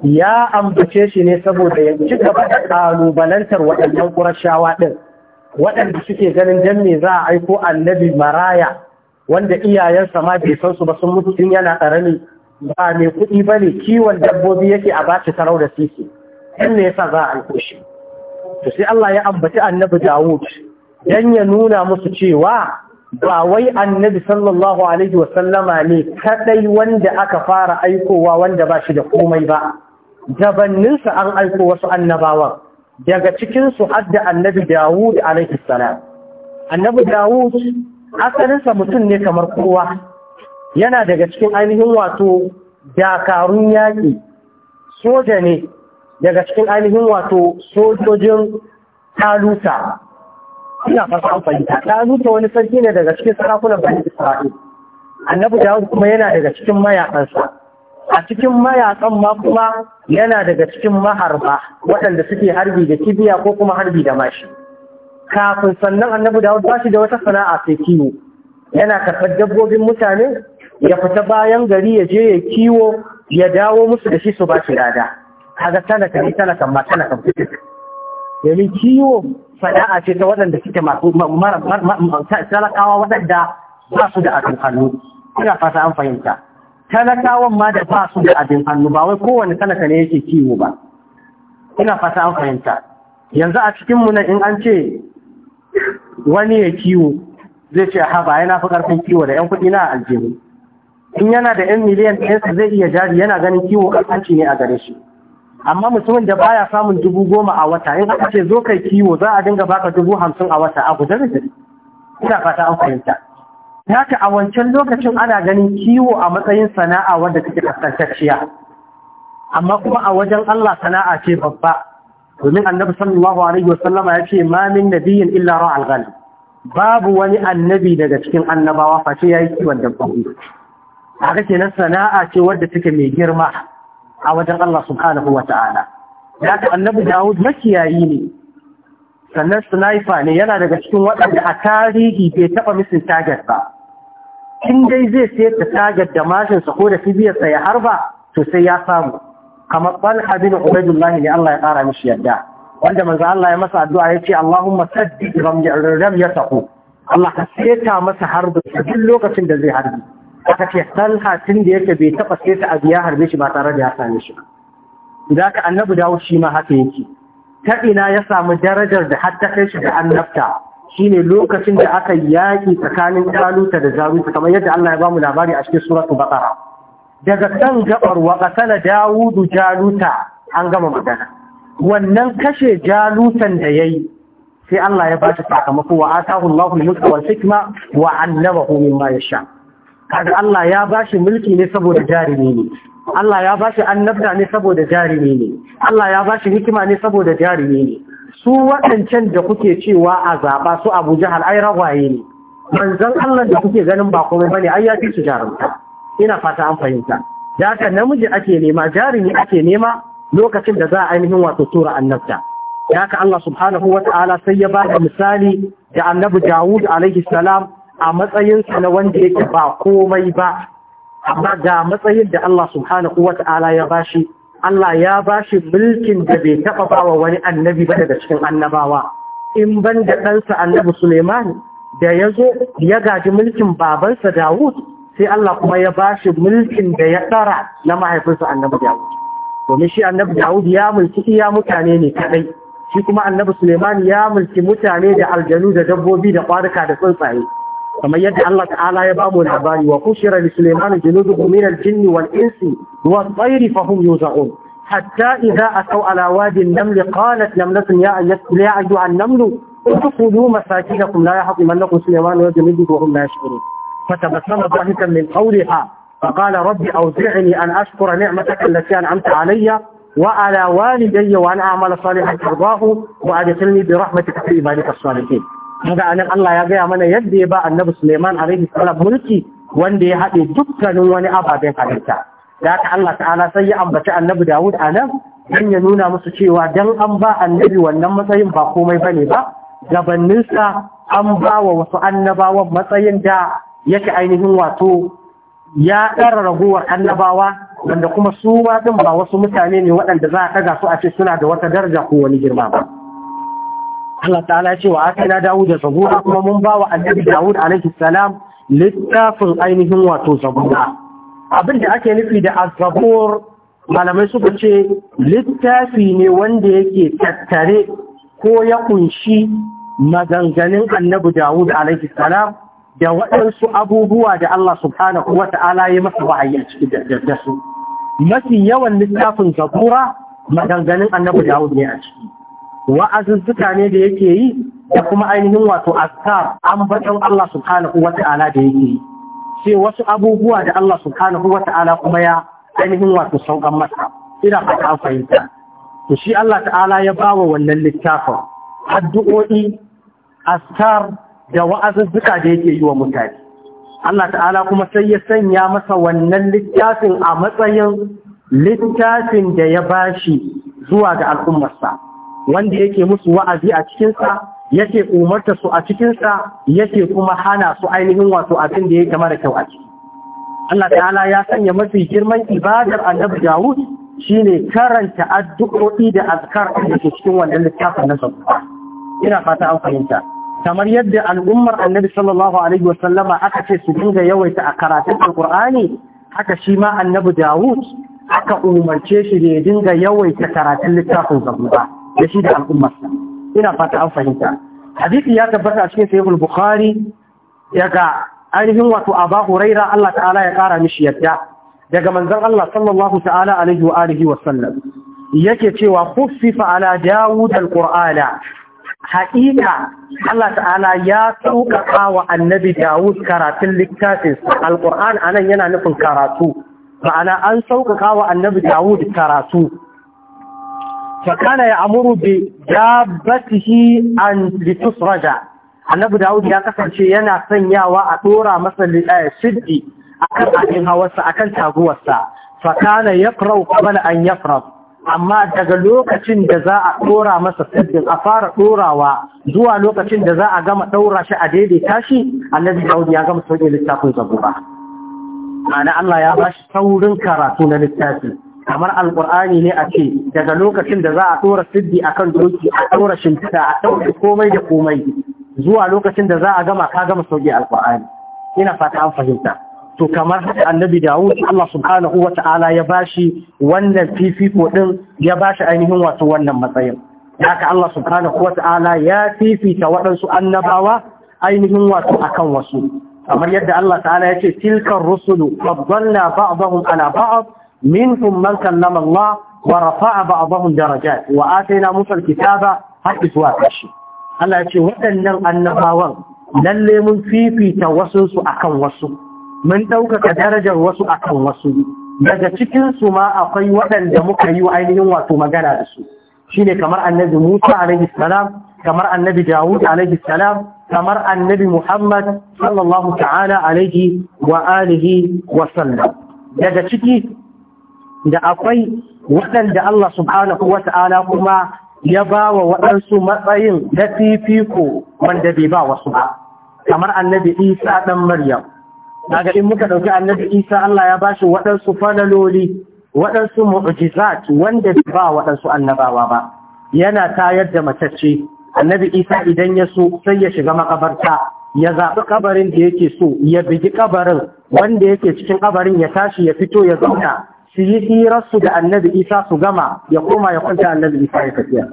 Speaker 1: ya ambace shi ne saboda ya ci gaba da kalubalantar waɗannan ƙurashawa ɗin waɗanda suke ganin jan me za a aiko annabi maraya wanda iyayensa ma bai san su ba sun mutu tun yana ƙarami ba mai kuɗi ba ne kiwon dabbobi yake a bashi sarau da sisi in ne yasa za a aiko shi to sai Allah ya ambaci annabi Dawud dan ya nuna musu cewa ba wai annabi sallallahu alaihi wasallama ne kadai wanda aka fara aikowa wanda ba shi da komai ba gabaninsa an aiko wasu annabawan daga cikinsu hadda annabi Dawud alaihi salam annabi Dawud asalinsa mutum ne kamar kowa yana daga cikin ainihin wato dakarun yaƙi soja ne daga cikin ainihin wato sojojin taluta ina fasa fahimta taluta wani sarki ne daga cikin sarakunan bani isra'il annabi dawud kuma yana daga cikin mayakansa a cikin mayakan ma kuma yana daga cikin maharba waɗanda suke harbi da kibiya ko kuma harbi da mashi kafin sannan annabi dawud ba shi da wata sana'a sai kiwo yana karɓar dabbobin mutane ya fita bayan gari ya je ya kiwo ya dawo musu da shi su ba shi lada kaga talaka ne talakan ma talakan kuɗi domin kiwo sana'a ce ta waɗanda suke masu talakawa waɗanda ba su da abin hannu ina fata an fahimta talakawan ma da ba su da abin hannu ba wai kowane talaka ne yake kiwo ba ina fata an fahimta yanzu a cikinmu na in an ce wani ya kiwo zai ce ba yana fi ƙarfin kiwo da 'yan kuɗi na aljihu in yana da 'yan miliyan ɗayansa zai iya jari yana ganin kiwo ƙarfanci ne a gare shi amma mutumin da baya samun dubu goma a wata in aka ce zo kai kiwo za a dinga baka dubu hamsin a wata a guda da ina fata an fahimta haka a wancan lokacin ana ganin kiwo a matsayin sana'a wadda take kasantacciya amma kuma a wajen Allah sana'a ce babba domin annabi sallallahu alaihi wasallam ya ce ma min nabiyyin illa ra'a ghanam babu wani annabi daga cikin annabawa face yayi kiwon dabbobi haka kenan sana'a ce wadda take mai girma a wajen Allah subhanahu wa ta'ala. Ya ta annabi Dawud makiyayi ne, sannan sniper ne yana daga cikin waɗanda a tarihi bai taɓa misin tagar ba. In dai zai sayar da tagar da mashinsa ko da kibiyarsa ya harba, to sai ya samu. Kamar Talha bin Ubaidullahi ne Allah ya ƙara mishi yadda. Wanda manzo Allah ya masa addu'a ya ce Allahumma ya ramyatahu. Allah ka seta masa harbin duk lokacin da zai harbi. aka ce talha tun da yake bai taɓa sai ta abu harbe shi ba tare da ya same shi da ka annabi dawo shi ma haka yake ta ina ya samu darajar da har ta kai shi da annabta shine lokacin da aka yaƙi tsakanin taluta da zaruta kamar yadda Allah ya mu labari a cikin suratul baqara daga kan gabar wa qatala dawudu jaluta an gama magana wannan kashe jalutan da yayi sai Allah ya bashi sakamako wa atahu Allahu al wal hikma wa 'allamahu mimma yasha' kaga Allah ya bashi mulki ne saboda jarumi ne Allah ya bashi annabta ne saboda jarumi ne Allah ya bashi hikima ne saboda jarumi ne su waɗancan da kuke cewa a zaba su Abu Jahal ai ragwaye ne manzon Allah da kuke ganin ba komai bane ai ya fi jarumta ina fata an fahimta da haka namiji ake nema jarumi ake nema lokacin da za a ainihin wato tura annabta da haka Allah subhanahu wa ta'ala sai ya ba da misali da annabi Dawud alaihi salam a matsayinsa na wanda yake ba komai ba amma ga matsayin da Allah subhanahu wata'ala ya bashi Allah ya bashi mulkin da bai taba bawa wani annabi ba daga cikin annabawa in ban da ɗansa annabi Suleiman da ya zo ya gaji mulkin babansa Dawud sai Allah kuma ya bashi mulkin da ya ɗara na mahaifinsa annabi Dawud domin shi annabi Dawud ya mulki iya mutane ne kaɗai shi kuma annabi Suleiman ya mulki mutane da aljanu da dabbobi da ƙwarika da tsuntsaye كما يدعى الله تعالى يبقى العباد وقشر لسليمان جنوده من الجن والإنس والطير فهم يوزعون حتى إذا أتوا على وادي النمل قالت نملة يا أيها النمل ادخلوا مساكنكم لا يحطمنكم سليمان وجنوده وهم لا يشكرون فتبسم ضحكا من قولها فقال ربي أوزعني أن أشكر نعمتك التي أنعمت علي وعلى والدي وأن أعمل صالحا ترضاه وأدخلني برحمتك في ذلك الصالحين ga anan Allah ya gaya mana yadda ya ba annabi Suleiman alaihi salam mulki wanda ya haɗe dukkanin wani ababen halitta da haka Allah ta'ala sai ya ambaci annabi Dawud anan dan ya nuna musu cewa dan an ba annabi wannan matsayin ba komai bane ba gabaninsa an ba wa wasu annabawan matsayin da yake ainihin wato ya ɗara ragowar annabawa wanda kuma su ba wasu mutane ne waɗanda za a ɗaga su a ce suna da wata daraja ko wani girma ba. Allah ta'ala ce wa aka na Dawud da sabuwa kuma mun ba wa Annabi Dawud alaikis salam littafin ainihin wato Zabura abin da ake nufi da azabur, malamai suka ce littafi ne wanda yake tattare ko ya kunshi maganganun Annabi Dawud alaikis salam da waɗansu abubuwa da Allah subhanahu wa ta'ala ya masa wahayi a cikin da mafi yawan littafin Zabura maganganun Annabi Dawud ne a ciki wa'azuzzuka ne da yake yi da kuma ainihin wato askar ambaton Allah subhanahu ta'ala da yake yi sai wasu abubuwa da Allah subhanahu ta'ala kuma ya ainihin wato saukan masa ina fata an fahimta to shi Allah ta'ala ya bawa wannan littafin addu'o'i askar da wa'azuzzuka da yake yi wa mutane Allah ta'ala kuma sai ya sanya masa wannan littafin a matsayin littafin da ya bashi zuwa ga al'ummarsa wanda yake musu wa'azi a cikinsa yake umarta su a cikinsa yake kuma hana su ainihin wato abin da yake mara kyau a ciki Allah ta'ala ya sanya mafi girman ibadar annabi Dawud shine karanta addu'o'i da azkar da ke cikin wannan littafin na sabba ina fata an fahimta kamar yadda al'ummar annabi sallallahu alaihi sallama aka ce su dinga yawaita a karatun alqur'ani haka shi ma annabi Dawud aka umarce shi da ya dinga yawaita karatun littafin zabura da shi da al'ummarsa ina fata an fahimta hadisi ya tabbata a cikin sahihul bukhari daga ainihin wato aba huraira Allah ta'ala ya kara mishi yadda daga manzon Allah sallallahu ta'ala alaihi wa alihi wa sallam yake cewa khuffifa ala daud alqur'ana haƙiƙa Allah ta'ala ya sauƙaƙa wa annabi Dawud karatun littafin alƙur'an anan yana nufin karatu ma'ana an sauƙaƙa wa annabi Dawud karatu fakana ya amuru bi dabbatihi an litusraja annabi dawud ya kasance yana sanyawa a ɗora masa siddi akan abin hawarsa akan taguwarsa fakana yaqra'u qabla an yafrad amma daga lokacin da za a dora masa siddin a fara ɗorawa zuwa lokacin da za a gama daura shi a daidaita shi annabi dawud ya gama sauke littafin zabura ma'ana Allah ya bashi saurin karatu na littafi kamar alkur'ani ne a ce daga lokacin da za a tura siddi akan doki a tura shimfiɗa a ɗauki komai da komai zuwa lokacin da za a gama ka gama sauƙi alkur'ani ina fata an fahimta to kamar annabi dawud Allah subhanahu wa ta'ala ya bashi wannan fifiko din ya bashi ainihin wato wannan matsayin haka Allah subhanahu wa ta'ala ya fifita waɗansu annabawa ainihin wato akan wasu kamar yadda Allah ta'ala ya ce tilkar rusulu faddalna ba'dahum ala ba'd منهم من كلم الله ورفع بعضهم درجات وآتينا موسى الكتاب حتى سواكشي الله يقول وأنهم النباوان lalle mun fifita wasunsu a kan wasu, mun ɗaukaka darajar wasu a kan wasu, daga cikinsu ma akwai waɗanda muka yi wa ainihin wato magana da su, shi ne kamar annabi Musa alaihi salam, kamar annabi Dawud alaihi salam, kamar annabi Muhammad sallallahu ta'ala alaihi wa alihi wa sallam. Daga ciki da akwai waɗanda Allah subhanahu wa ta'ala kuma ya ba wa waɗansu matsayin na fifiko wanda bai ba wasu ba, kamar annabi Isa ɗan Maryam. Daga in muka ɗauki annabi Isa Allah ya ba shi waɗansu falaloli, waɗansu mu'jizat wanda bai ba waɗansu annabawa ba. Yana tayar da matacce, annabi Isa idan ya so sai ya shiga makabarta, ya zaɓi kabarin da yake so, ya bigi kabarin wanda yake cikin kabarin ya tashi ya fito ya zauna su yi hirarsu da annabi isa su gama ya koma ya kwanta
Speaker 2: annabi isa ya tafiya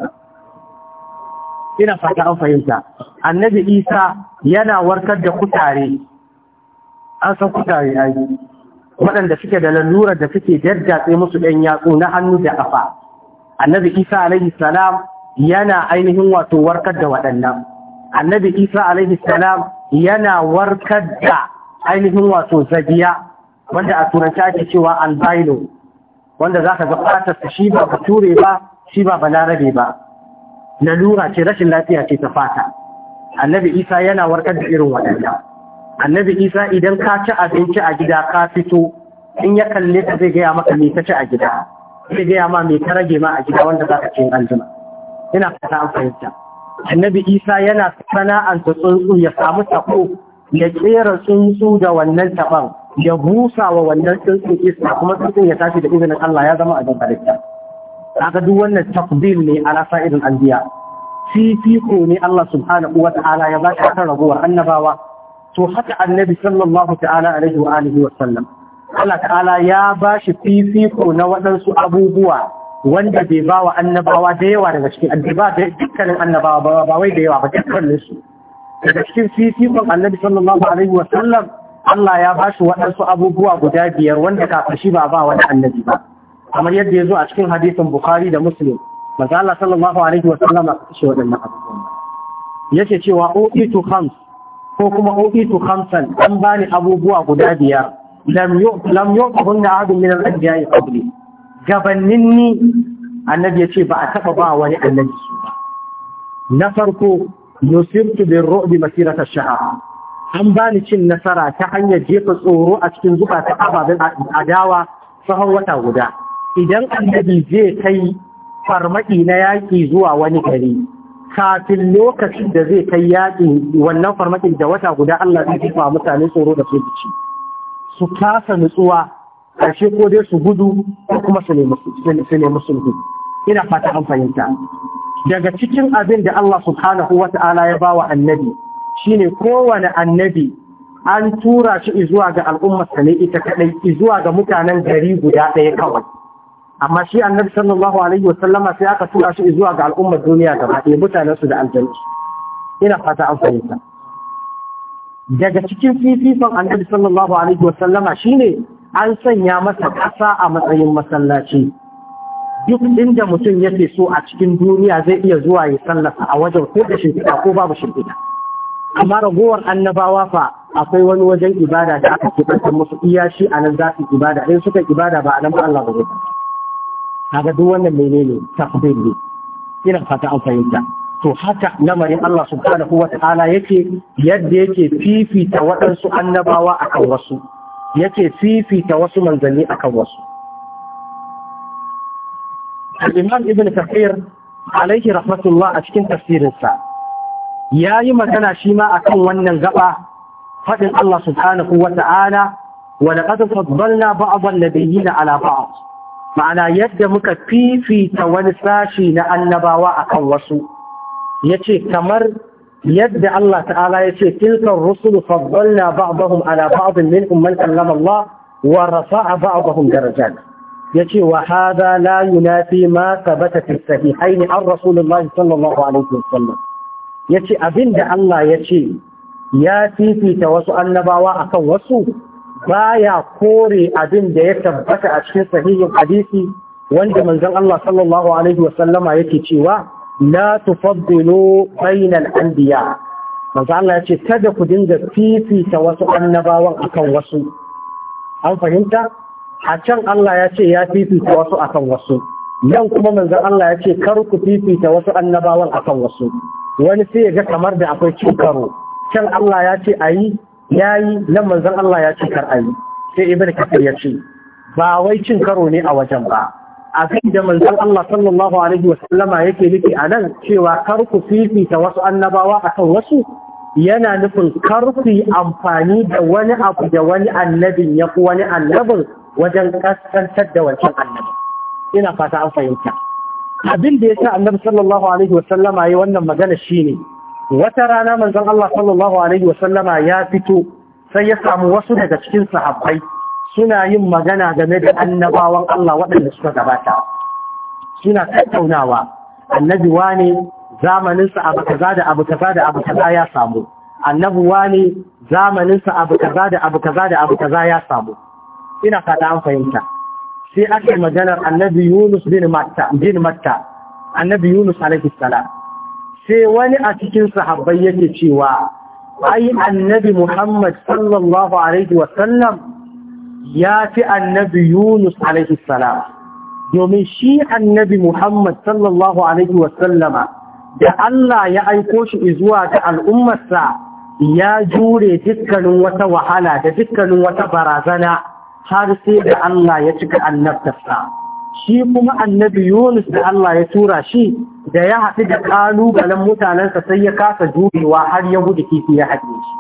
Speaker 1: ina fata an fahimta annabi isa yana warkar da kutare an san kutare ai waɗanda suke da lalura da suke daddatse musu ɗan yatsu na hannu da ƙafa annabi isa alaihi salam yana ainihin wato warkar da waɗannan annabi isa alaihi salam yana warkar da ainihin wato zagiya wanda a turanci ake cewa albino wanda za ka ga fatar shi ba ture ba shi ba balarabe ba lalura ce rashin lafiya ce ta fata annabi isa yana warkar da irin waɗanda annabi isa idan ka ci abinci a gida ka fito in ya kalle ka zai gaya maka me ta ci a gida zai gaya ma me ta rage ma a gida wanda za ka ci aljima yana fata an fahimta annabi isa yana sana'anta tsuntsu ya samu sako ya kera tsuntsu da wannan taɓar. ya busa wa wannan tsuntsun iska kuma tsuntsun ya tashi da izinin Allah ya zama abin halitta kaga duk wannan takdir ne a ala irin anbiya fifiko ne Allah subhanahu wa ta'ala ya ba shi kan raguwar annabawa to haka annabi sallallahu ta'ala alaihi wa alihi wa sallam Allah ta'ala ya ba shi fifiko na waɗansu abubuwa wanda bai ba wa annabawa da yawa daga cikin addiba da dukkanin annabawa ba wai da yawa ba dukkanin su daga cikin fifikon annabi sallallahu alaihi wa sallam Allah ya ba shi waɗansu abubuwa guda biyar wanda kafin shi ba ba wani annabi ba kamar yadda ya zo a cikin hadisin Bukhari da Muslim manzo Allah sallallahu alaihi wa sallam shi waɗannan abubuwa yace cewa to khams ko kuma uitu khamsan an bani abubuwa guda biyar lam yu lam yuqbunna ahadun min al-anbiya'i qabli gabanin ni annabi yace ba a taba ba wani annabi su ba na farko nusirtu bin ru'bi masirata shahara an bani cin nasara ta hanyar jefa tsoro a cikin ta ababen adawa tsawon wata guda idan annabi zai kai farmaki na yaƙi zuwa wani gari kafin lokacin da zai kai yaƙi wannan farmakin da wata guda Allah zai jefa mutane tsoro da su ci su kasa nutsuwa ƙarshe ko dai su gudu ko kuma su nemi sulhu ina fata an fahimta daga cikin abin da Allah subhanahu ta'ala ya ba wa annabi shine kowane annabi an tura shi zuwa ga al'ummarsa ne ita kaɗai zuwa ga mutanen gari guda ɗaya kawai amma shi annabi sallallahu alaihi sallama sai aka tura shi zuwa ga al'ummar duniya gaba ɗaya mutanen da aljanna ina fata an fahimta daga cikin fififan annabi sallallahu alaihi shi shine an sanya masa ƙasa a matsayin masallaci duk inda mutum yake so a cikin duniya zai iya zuwa ya sallasa a wajen ko da shimfiɗa ko babu shimfiɗa amma ragowar annabawa fa akwai wani wajen ibada da aka keɓantar musu iya shi a nan za su ibada in suka ibada ba a nan Allah ba zai kaga duk wannan menene tafsir ne ina fata an fahimta to haka lamarin Allah subhanahu wa ta'ala yake yadda yake fifita waɗansu annabawa akan wasu yake fifita wasu manzanni akan wasu al-imam ibn kathir alaihi rahmatullah a cikin tafsirinsa ya yi magana shi ma a kan wannan gaba faɗin Allah subhanahu wa ta'ala wa ƙasar ƙasa fadbalna ba'adon da bai na alaba'a ma'ana yadda muka fifita wani sashi na annabawa a kan wasu ya ce kamar yadda Allah ta'ala ya ce tilkan rusul fadbalna ba'adon alaba'adon min umman kallama Allah wa rafa'a ba'adon darajan ya ce wa hada la yunafi ma sabata fi sahihaini an rasulullahi sallallahu alaihi wasallam ya ce abin da Allah ya ce ya fifita wasu annabawa akan wasu baya kore abin da ya tabbata a cikin sahihin hadisi wanda manzon Allah sallallahu alaihi wasallama yake cewa na tufaddilu bainal anbiya manzo Allah ya ce kada ku dinga fifita wasu annabawan akan wasu an fahimta a can Allah ya ce ya fifita wasu akan wasu nan kuma manzan Allah ya ce kar ku fifita wasu annabawan akan wasu wani sai ya ga kamar da akwai cin karo can Allah ya ce a yi ya yi nan manzan Allah ya ce kar a yi sai ibn kafir ya ce ba wai cin karo ne a wajen ba a kai da manzan Allah sallallahu alaihi wasallama yake nufi a nan cewa kar ku fifita wasu annabawa akan wasu yana nufin kar ku yi amfani da wani abu da wani annabin ya wani annabin wajen kasantar da wancan annabin ina fata an fahimta abin da ya sa annabi sallallahu alaihi wasallama yayi wannan magana shine wata rana manzon Allah sallallahu alaihi wasallama ya fito sai ya samu wasu daga cikin sahabbai suna yin magana game da annabawan Allah waɗanda suka gabata suna tattaunawa annabi wane zamaninsa abu kaza da abu kaza da abu kaza ya samu annabi wane zamaninsa abu kaza da abu kaza da abu kaza ya samu ina fata an fahimta sai aka yi maganar annabi Yunus bin Matta bin Matta annabi Yunus alaihi salam sai wani a cikin sahabbai yake cewa ai annabi Muhammad sallallahu alaihi wa sallam ya fi annabi Yunus alaihi salam domin shi annabi Muhammad sallallahu alaihi wa sallama da Allah ya aiko shi zuwa ga al'ummarsa ya jure dukkanin wata wahala da dukkanin wata barazana har sai da Allah ya cika annabtarsa shi kuma annabi Yunus da Allah ya tura shi da ya haɗu da ƙalubalen mutanensa sai ya kasa jurewa har ya gudu kifi ya haɗe shi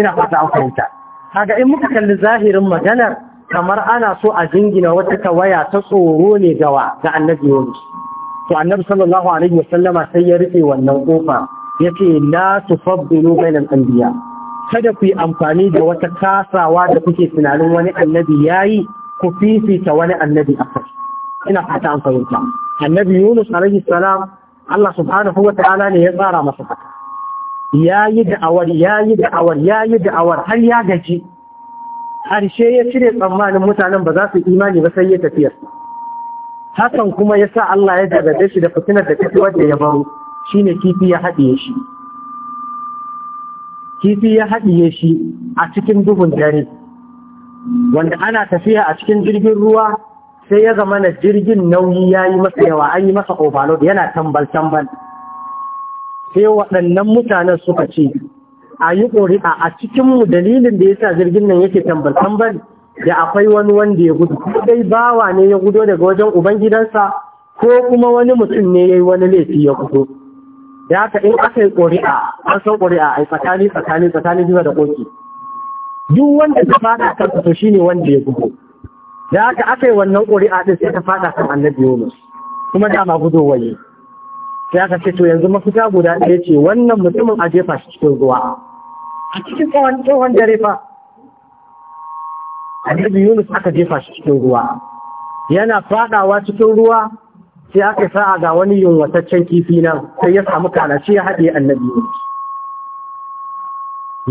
Speaker 1: ina fata an fahimta Haga in muka kalli zahirin maganar kamar ana so a jingina wata tawaya ta tsoro ne gawa ga annabi Yunus to annabi sallallahu alaihi sallama sai ya rufe wannan kofa yace la tufaddilu bainal anbiya' kada ku yi amfani da wata kasawa da kuke tunanin wani annabi yi, ku fifita wani annabi akwai ina fata an fahimta annabi Yunus alaihi salam Allah subhanahu wa ta'ala ne ya tsara masa Ya yayi da'awar yayi da'awar yayi da'awar har ya gaji harshe ya cire tsammanin mutanen ba za su imani ba sai ya tafiya hakan kuma ya sa Allah ya daga shi da fitinar da take wadda ya baro shine kifi ya haɗiye shi kifi ya haɗiye shi a cikin duhun dare wanda ana tafiya a cikin jirgin ruwa sai ya zama na jirgin nauyi ya yi masa yawa an yi masa overload yana tambal-tambal sai waɗannan mutanen suka ce a yi ƙuri'a a cikinmu dalilin da ya sa jirgin nan yake tambal-tambal da akwai wani wanda ya gudu Ko dai bawa ne ya gudo daga wajen ubangidansa ko kuma wani mutum ne ya yi wani laifi ya gudu da haka in aka yi ƙuri'a an san ƙuri'a a tsakani tsakani tsakani jiwa da ƙoƙi duk wanda ta fada kan to ne wanda ya gudu da haka aka yi wannan ƙuri'a ɗin sai ta fada kan annabi Yunus kuma dama gudu waye sai aka ce to yanzu mafita guda ɗaya ce wannan mutumin a jefa shi cikin ruwa
Speaker 2: a cikin tsawon
Speaker 1: tsawon dare fa annabi Yunus aka jefa shi cikin ruwa yana fadawa cikin ruwa sai aka sa'a ga wani yunwataccen kifi nan sai ya samu kalashi ya haɗe annabi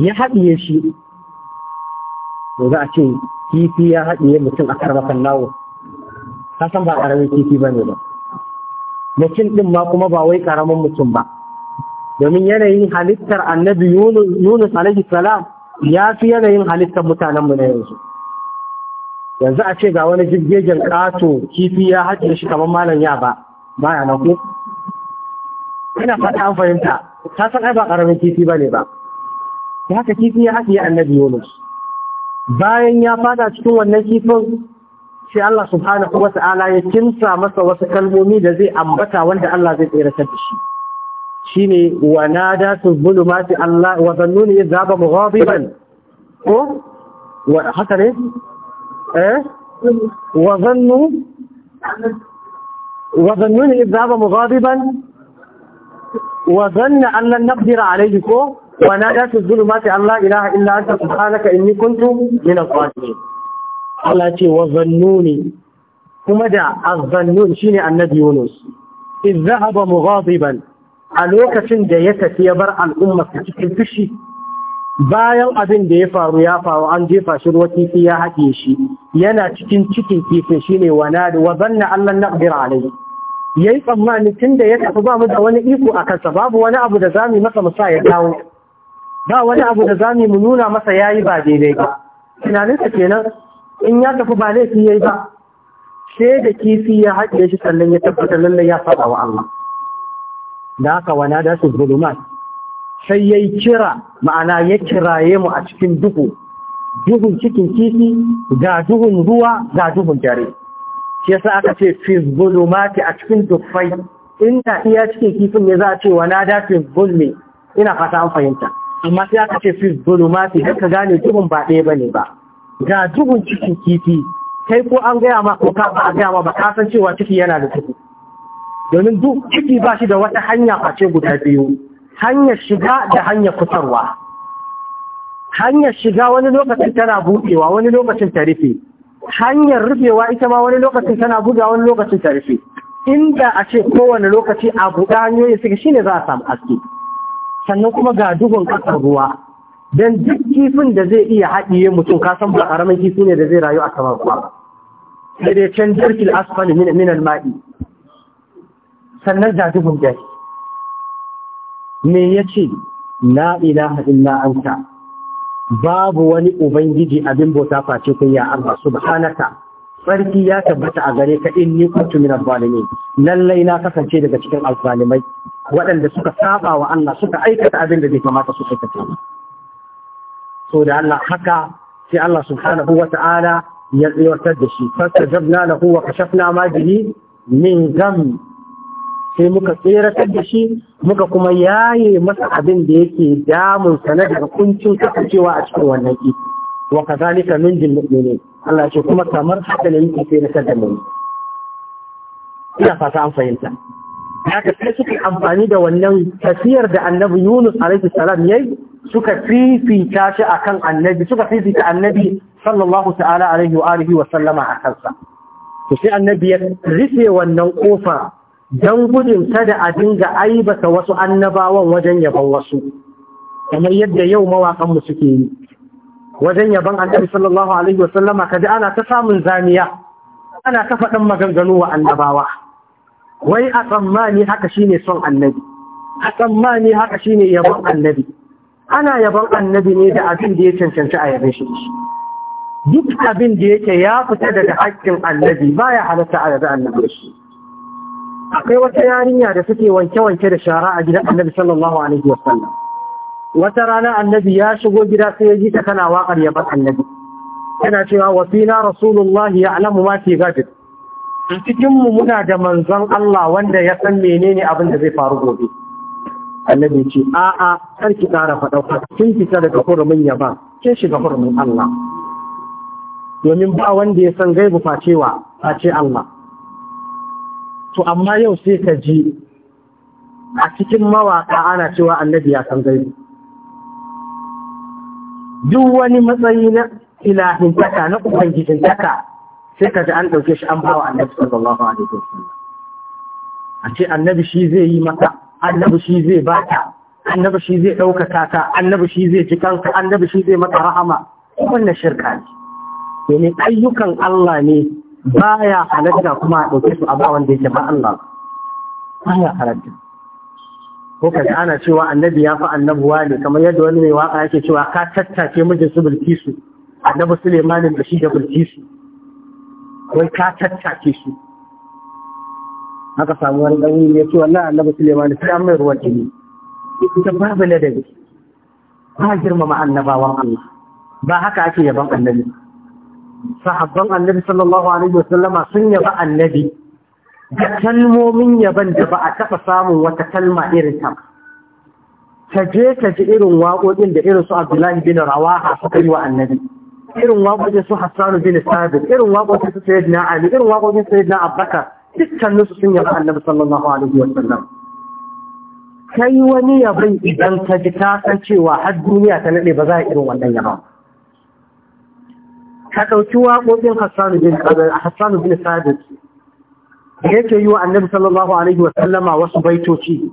Speaker 1: ya haɗe shi za a ce kifi ya haɗe mutum a karmakan nawo san ba ƙaramin kifi ba ne ba mutum ɗin ma kuma ba wai ƙaramin mutum ba domin yanayin halittar annabi yunus alaihi salam ya fi yanayin halittar mutanenmu na yanzu yanzu a ce ga wani jirgin ƙato kifi ya haɗe shi kamar malam ya ba ba ya ku ina fata an fahimta ta san ba ƙaramin kifi ba ne ba ya haka kifi ya haɗe annabi yunus bayan ya fada cikin wannan kifin sai Allah subhanahu wa ta'ala ya kinsa masa wasu kalmomi da zai ambata wanda Allah zai tsere da shi shine wa nada subulumati Allah wa zannuni yadhabu ghadiban ko haka ne ايه وظنوا وظنوني إذ ذهب مغاضبا وظن أن لن نقدر عليه كو الظلمات أن لا إله إلا أنت سبحانك إني كنت من الظالمين Allah ce wa zannuni kuma da azzannun shine annabi Yunus iz zahaba mughadiban a lokacin da ya tafi ya bar al'umma su cikin fushi bayan abin da ya faru ya faru an jefa shi ruwa kifi ya haƙe shi yana cikin cikin kifin shine ne wa zanna allan naqdir alayhi yayi tsammani tunda ya tafi ba mu da wani iko a kansa babu wani abu da zamu masa musa ya kawo ba wani abu da zamu mu nuna masa yayi ba daidai ba tunaninsa kenan in ya tafi ba laifi yayi ba sai da kifi ya haɗe shi sannan ya tabbata lallai ya faɗa wa Allah da haka wana da su zulumat sai yayi kira ma'ana ya kiraye mu a cikin duhu duhun cikin kifi ga duhun ruwa ga duhun dare shi yasa aka ce fi zulumati a cikin tufai inda iya cikin kifin ne za a ce wa na da fi zulmi ina fata an fahimta amma sai aka ce fi zulumati har ka gane duhun ba ɗaya bane ba ga duhun cikin kifi kai ko an gaya ma ko ka ba a gaya ma ba ka san cewa ciki yana da ciki domin duk ciki ba shi da wata hanya face guda biyu hanyar shiga da hanyar kusurwa. hanyar shiga wani lokacin tana buɗewa wani lokacin ta rufe hanyar rufewa ita ma wani lokacin tana buɗewa wani lokacin ta rufe inda a ce kowane lokaci a buɗe hanyoyi suka shine za a samu aski sannan kuma ga dugun ƙasar ruwa don duk kifin da zai iya haɗiye mutum ka san ba ƙaramin kifi ne da zai rayu a kamar ruwa da dai can jirgin asfali minan ma'i sannan ga dugun gari me ya ce na ilaha illa anta babu wani ubangiji abin bauta face kun ya Allah subhanaka sarki ya tabbata a gare ka ni kuntu min zalimin lallai na kasance daga cikin azzalimai waɗanda suka saba wa Allah suka aikata abin da bai kamata su aikata so da Allah haka sai Allah subhanahu wa ta'ala ya tsayar da shi fastajabna lahu wa kashafna ma bihi min gham sai muka tseratar da shi muka kuma yaye masa abin da yake damun sana daga kuncin kasancewa a cikin wannan ki wa kazalika min jin mu'mini Allah ce kuma kamar haka ne yake tseratar da mu ina fata an fahimta haka sai suka amfani da wannan tafiyar da annabi Yunus alaihi salam yayi suka fifita shi akan annabi suka fifita annabi sallallahu ta'ala alaihi wa alihi wa sallama a kansa to sai annabi ya rufe wannan kofa don gudun kada a dinga aibata wasu annabawan wajen yaban wasu kamar yadda yau mawaƙanmu suke yi wajen yaban annabi sallallahu alaihi wasallama kaji ana ta samun zamiya ana ta faɗin maganganu wa annabawa wai a tsammani haka shine son annabi a tsammani haka ne yaban annabi ana yaban annabi ne da abin da ya cancanci a yabin shi duk abin da yake ya fita daga haƙƙin annabi baya halatta a yabi annabi shi akwai wata yarinya da suke wanke-wanke da shara a gidan annabi sallallahu alaihi sallam. wata rana annabi ya shigo gida sai ya ji ta kana waƙar bar annabi Yana cewa wasina rasulullah ya alamu ma fi gajin cikin mu muna da manzon Allah wanda ya san menene abin da zai faru gobe annabi ce a a kar ki fa dauka kin fita daga hurumin ba kin shiga hurumin Allah domin ba wanda ya san gaibu facewa face Allah to amma yau sai ka ji a cikin mawaƙa ana cewa annabi ya san gaibi duk wani matsayi na ilahintaka na taka sai ka ji an ɗauke shi an bawa annabi sallallahu alaihi wasallam a ce annabi shi zai yi maka annabi shi zai baka annabi shi zai ɗaukaka ka annabi shi zai ji kanka annabi shi zai maka rahama wannan shirka ne domin ayyukan Allah ne baya halatta kuma a ɗauke su a ba wanda yake ba Allah baya halatta ko kai ana cewa annabi ya fi annabuwa ne kamar yadda wani mai waka yake cewa ka tattace mijin su bilkisu annabi sulaimanin da shi da bilkisu wai ka tattace su Haka samu wani ɗan ya ce wannan annabi sulaimanin sai an mai ruwan jini ita babu ladabi ba girmama annabawan Allah ba haka ake yaban annabi sahabban annabi sallallahu alaihi wasallama sun yaba annabi da kalmomin yaban da ba a taɓa samun wata kalma irin ta ta je ta ji irin waƙoƙin da irin su abdullahi bin rawaha suka yi wa annabi irin waƙoƙin su hassanu bin sabir irin waƙoƙin su sayyid na ali irin waƙoƙin sayyid na abbakar dukkanin su sun yaba annabi sallallahu alaihi wasallam kai wani yaban idan ka ji ta san cewa har duniya ta nade ba za a irin wannan yaba ka ɗauki waƙoƙin Hassan bin eh, Sabit yake yi wa annabi sallallahu alaihi wa sallama wasu baitoci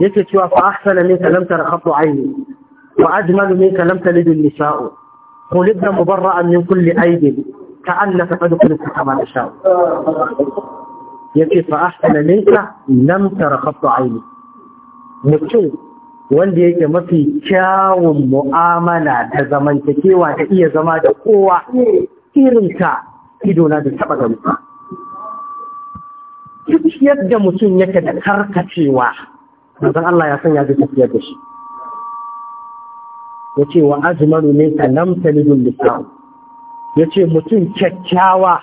Speaker 1: yake cewa fa ahsana minka lam tarhaqu ayni wa ajmalu minka lam talid an-nisa'u qulibna mubarra'an min kulli aybin ka'annaka qad ka kama nasha'u yake fa ahsana minka lam tarhaqu ayni mutum wanda yake mafi kyawun mu'amala ta zamantakewa ta iya zama da kowa irin irinka idona da taɓa gamsa. Duk yadda mutum yake da karkacewa, mazan Allah ya sanya duk tafiyar da shi. Ya ce wa azmaru ne ka lamta lidun Ya ce mutum kyakkyawa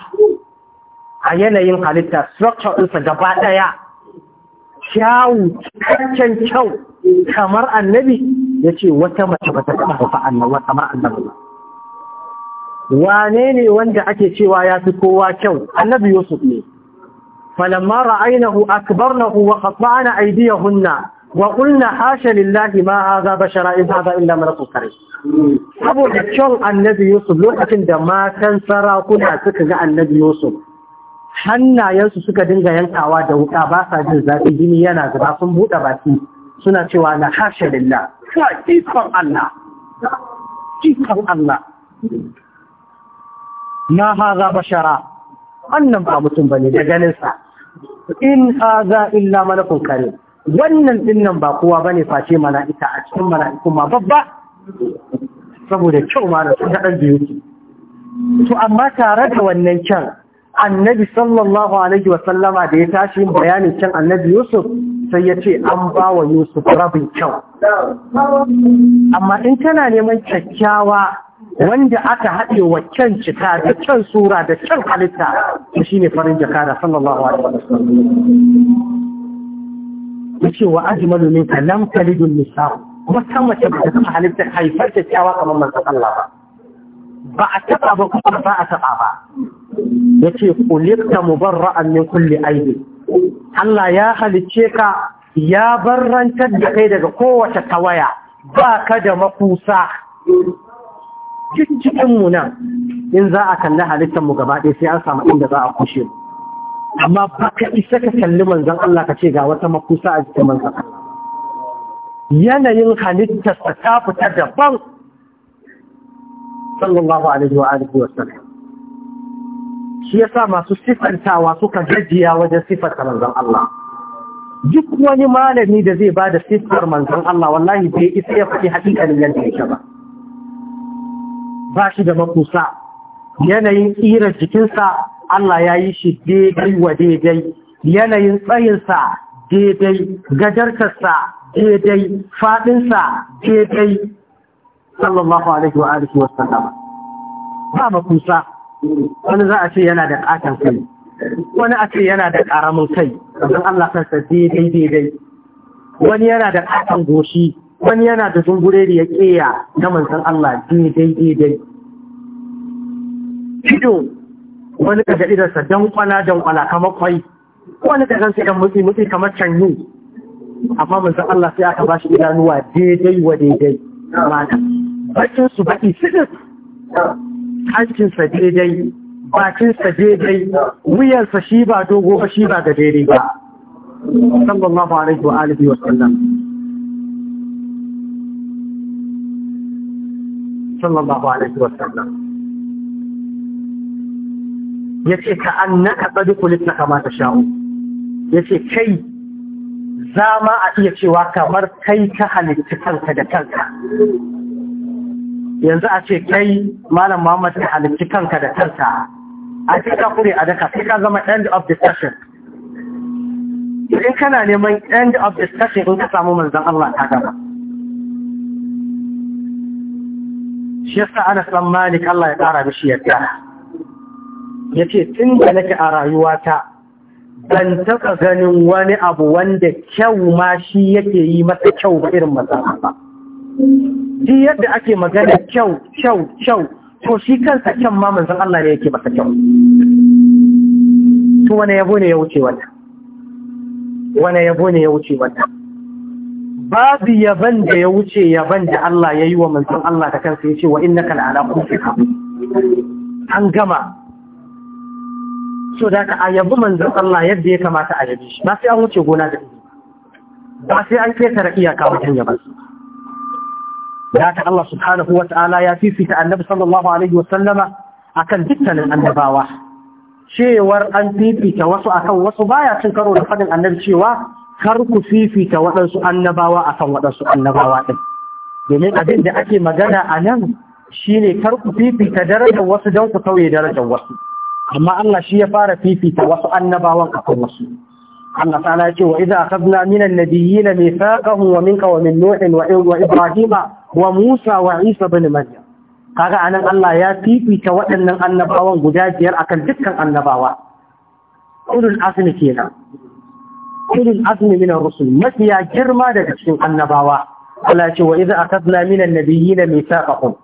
Speaker 1: a yanayin halitta structure ɗinsa gaba ɗaya. Kyawu, cikakken kyau, kamar annabi ya ce wata mace ba ta taɓa haifa annabi kamar annabi ba wane ne wanda ake cewa ya fi kowa kyau annabi yusuf ne falamma ra'aynahu akbarnahu wa qata'na aydiyahunna wa qulna hasha lillahi ma hadha bashara in hadha illa malakun karim saboda kyau annabi yusuf lokacin da matan sarakuna suka ga annabi yusuf hannayensu suka dinga yankawa da wuka ba sa jin zafi jini yana zuba sun buɗe baki suna cewa na hasha lilla. Ka ikon Allah ikon Allah na haza bashara wannan ba mutum bane da ganinsa in haza illa malakun kare wannan dinnan ba kowa ne face mala'ika a cikin mala'iku ma babba saboda kyau ma da sun haɗar da yake to amma tare da wannan kyan, annabi sallallahu alaihi wasallama da ya tashi bayanin can annabi yusuf sai ya ce an ba wa Yusuf rabin kyau. Amma in tana neman kyakkyawa wanda aka haɗe wa kyan cika da kyan sura da kyan halitta da shi ne farin jaka da sallallahu alaihi wasallam. Ya ce wa ajimalu ne ka lam kalidun nisa wata mace ba ta taɓa halittar haifar kyakkyawa kamar manzon Allah ba. Ba a taɓa ba kuma ba a taɓa ba. Yace ce kulirta mubarra'an min kulli aibi. Allah ya halice ka ya barrantar da kai daga kowace tawaya ba ka da makusa cikinmu nan in za a kalli halittarmu gaba ɗaya sai an samu inda za a kushe mu amma ba ka isa ka kalli manzan Allah ka ce ga wata makusa a jikin manzan yanayin halittarsa ta fita daban sallallahu alaihi wa alihi wa sallam shi yasa masu sifantawa suka gajiya wajen sifanta manzan Allah duk wani malami da zai ba da sifar manzan Allah wallahi bai isa ya faɗi haƙiƙanin yadda yake ba ba shi da makusa yanayin tsirar jikinsa Allah ya yi shi daidai wa daidai yanayin tsayinsa daidai gajartarsa daidai faɗinsa daidai sallallahu alaihi wa alihi wa sallama. ba makusa wani za a ce yana da ƙaton kai wani a ce yana da ƙaramin kai don Allah kansa daidai daidai wani yana da ƙaton goshi wani yana da zungure da ya ƙeya na mantan Allah daidai daidai ido wani ka ga idarsa don kwana don kwana kamar kwai wani ka gansu idan mutu-mutu kamar canyu amma mantan Allah sai aka ba shi idanuwa daidai wa daidai ma'ana bakin su baki hancinsa daidai bakinsa daidai wuyarsa shi ba dogo ba shi ba ga daidai ba sallallahu alaihi wa alihi wa sallam
Speaker 2: sallallahu alaihi wa sallam
Speaker 1: yace ka annaka qad kulitna kama tasha'u yace kai zama a iya cewa kamar kai ka halitta kanka da kanka yanzu a ce kai malam Muhammad ka halicci kanka da kanka a ce ka kure a daka sai ka zama end of discussion in kana neman end of discussion in ka samu manzon Allah ta gaba shi yasa ana san Malik Allah ya kara mishi yadda yace tun da nake a rayuwata ban taɓa ganin wani abu wanda kyau ma shi yake yi masa kyau ba irin masa ba ji yadda ake magana kyau kyau kyau to shi kansa kyan ma zan Allah ne yake baka kyau to wani yabo ne ya wuce wata wane yabo ne ya wuce wata babu yaban da ya wuce yaban da Allah ya yi wa manzon Allah ta kansa ya ce wa innaka la'ala kullika an gama so da ka yabi manzon Allah yadda ya kamata a yabi shi ba sai an wuce gona da ba sai an ketare iyaka wajen yaban su da ta Allah subhanahu wa ta'ala ya fifita annabi sallallahu alaihi wasallama akan dukkanin annabawa cewar an fifita wasu akan wasu baya cin karo da fadin annabi cewa kar ku fifita waɗansu annabawa akan waɗansu annabawa ɗin domin abin da ake magana a nan shine kar ku fifita darajar wasu don ku tauye darajar wasu amma Allah shi ya fara fifita wasu annabawan akan wasu Allah ta'ala ce wa idza akhadna min an-nabiyyina mithaqahum wa minka wa min nuhin wa ibrahima wa musa wa isa ibn maryam kaga anan Allah ya fifita waɗannan annabawan guda biyar akan dukkan annabawa ulul azmi kenan ulul azmi min ar-rusul mafiya girma daga cikin annabawa Allah ce wa idza akhadna min an-nabiyyina mithaqahum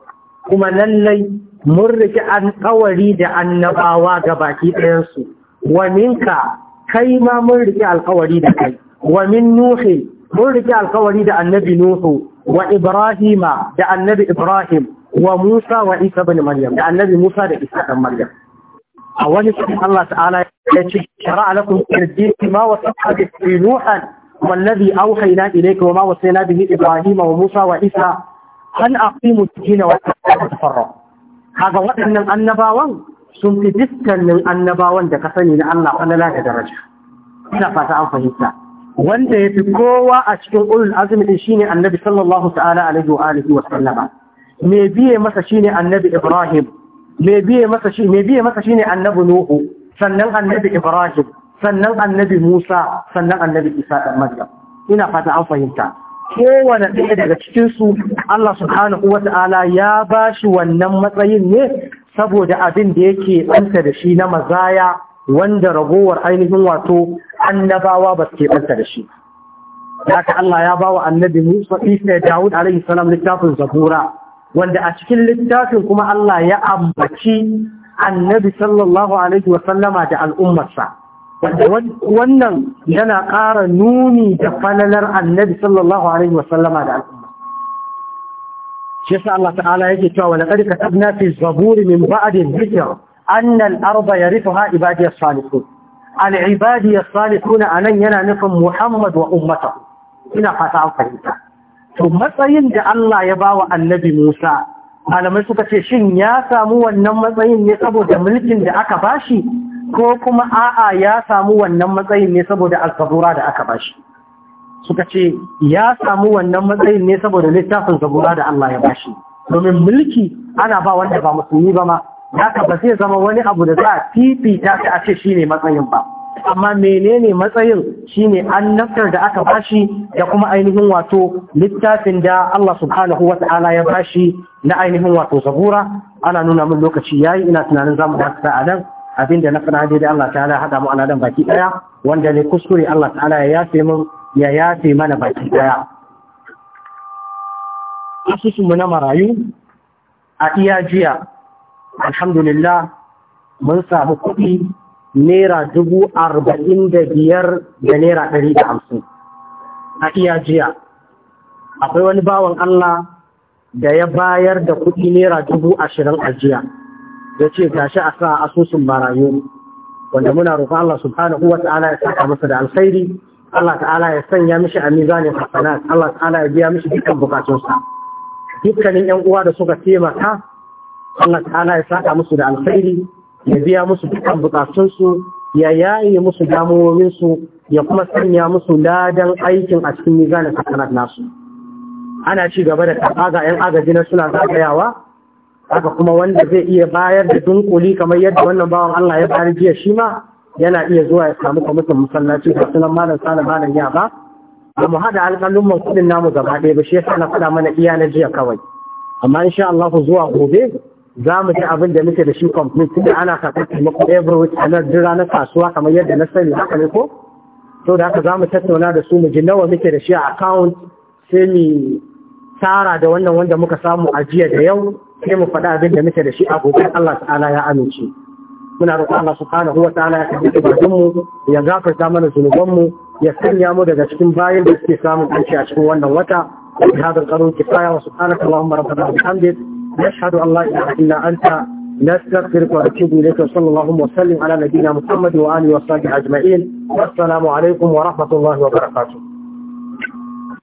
Speaker 1: kuma lallai mun riki an kawari da annabawa gabaki ɗayan su wa minka kai ma mun rike alkawari da kai wa min nuhi mun riƙe alkawari da annabi nuhu wa ibrahima da annabi ibrahim wa musa wa isa bin maryam da annabi musa da isa dan maryam a wani cikin Allah ta'ala ya ce shara'a lakum irdi ma wa sahabi nuhan wallazi auhayna ilayka wa ma wasayna bihi ibrahima wa musa wa isa an aqimu ad-dina wa tafarraqu kaga waɗannan annabawan sun fi dukkanin annabawan da ka sani na Allah falala da daraja ina fata an fahimta wanda ya fi kowa a cikin ulul azumi din shine annabi sallallahu ta'ala alaihi wa alihi wa sallama me biye masa shine annabi ibrahim me biye masa shi me biye masa shine annabi nuhu sannan annabi ibrahim sannan annabi musa sannan annabi isa da maryam ina fata an fahimta kowane ɗaya daga cikinsu Allah subhanahu wa ta'ala ya ba shi wannan matsayin ne saboda abin da yake tsanta da shi na mazaya wanda ragowar ainihin wato annabawa ba su ke ɓanta da shi haka Allah ya bawa annabi Musa Isa Dawud alaihi salam littafin Zabura wanda a cikin littafin kuma Allah ya ambaci annabi sallallahu alaihi wa sallama da al'ummarsa wannan yana ƙara nuni da falalar annabi sallallahu alaihi wa sallama da al'ummarsa shi yasa Allah ta'ala yake cewa wala qad katabna fi zaburi min ba'di dhikr anna al-arda yarithuha ibadi as-salihun al-ibadi as-salihun anan yana nufin Muhammad wa ummatahu ina fata an fahimta to matsayin da Allah ya bawa annabi Musa malamai suka ce shin ya samu wannan matsayin ne saboda mulkin da aka bashi ko kuma a'a ya samu wannan matsayin ne saboda alkabura da aka bashi suka ce ya samu wannan matsayin ne saboda littafin zabura da Allah ya bashi domin mulki ana ba wanda ba musulmi ba ma haka ba zai zama wani abu da za a fifita ta a ce shine matsayin ba amma menene matsayin shine annabtar da aka bashi da kuma ainihin wato littafin da Allah subhanahu wa ta'ala ya bashi na ainihin wato zabura ana nuna min lokaci yayi ina tunanin zamu dakata a nan abinda na fara da Allah ta'ala hada mu ana baki daya wanda ne kuskure Allah ta'ala ya yafe mu ya yafe mana baki daya asusunmu na marayu a iya jiya alhamdulillah mun samu kuɗi naira dubu arba'in da biyar da naira ɗari da hamsin a iya jiya akwai wani bawan Allah da ya bayar da kuɗi naira dubu ashirin a jiya ya ce gashi a sa asusun marayu wanda muna roƙon Allah subhanahu wa ta'ala ya saka masa da alkhairi Allah ta'ala ya sanya mishi a mizanin hasanat Allah ta'ala ya biya mishi dukkan bukatunsa dukkanin yan uwa da suka taimaka Allah ta'ala ya saka musu da alkhairi ya biya musu dukkan bukatunsu ya yaye musu damuwowinsu ya kuma sanya musu ladan aikin a cikin mizanin hasanat nasu ana ci gaba da karɓa ga 'yan agaji na suna zagayawa haka kuma wanda zai iya bayar da dunkuli kamar yadda wannan bawan Allah ya bayar jiya shi ma yana iya zuwa ya samu kwamitin masallaci ga sunan malam sana malam ya ba ba mu haɗa alƙalin kuɗin namu gaba ɗaya ba shi yasa na faɗa mana iya na jiya kawai amma insha Allah zuwa gobe za mu ji abin da muke da shi kwamitin da ana karɓar taimako every week a nan duk ranar kasuwa kamar yadda na sani haka ne ko to da haka za mu tattauna da su mu ji nawa muke da shi a account sai mu tara da wannan wanda muka samu a jiya da yau sai mu faɗa abin da muke da shi a gobe Allah ta'ala ya amince muna roƙon Allah subhanahu ya kafi tubarin mu ya gafarta mana zunuban mu ya sanya mu daga cikin bayan da suke samun kanci a cikin wannan wata ya hadar tsaro kifaya wa subhanahu wa ta'ala rabbana alhamdulillah nashhadu anta wa atubu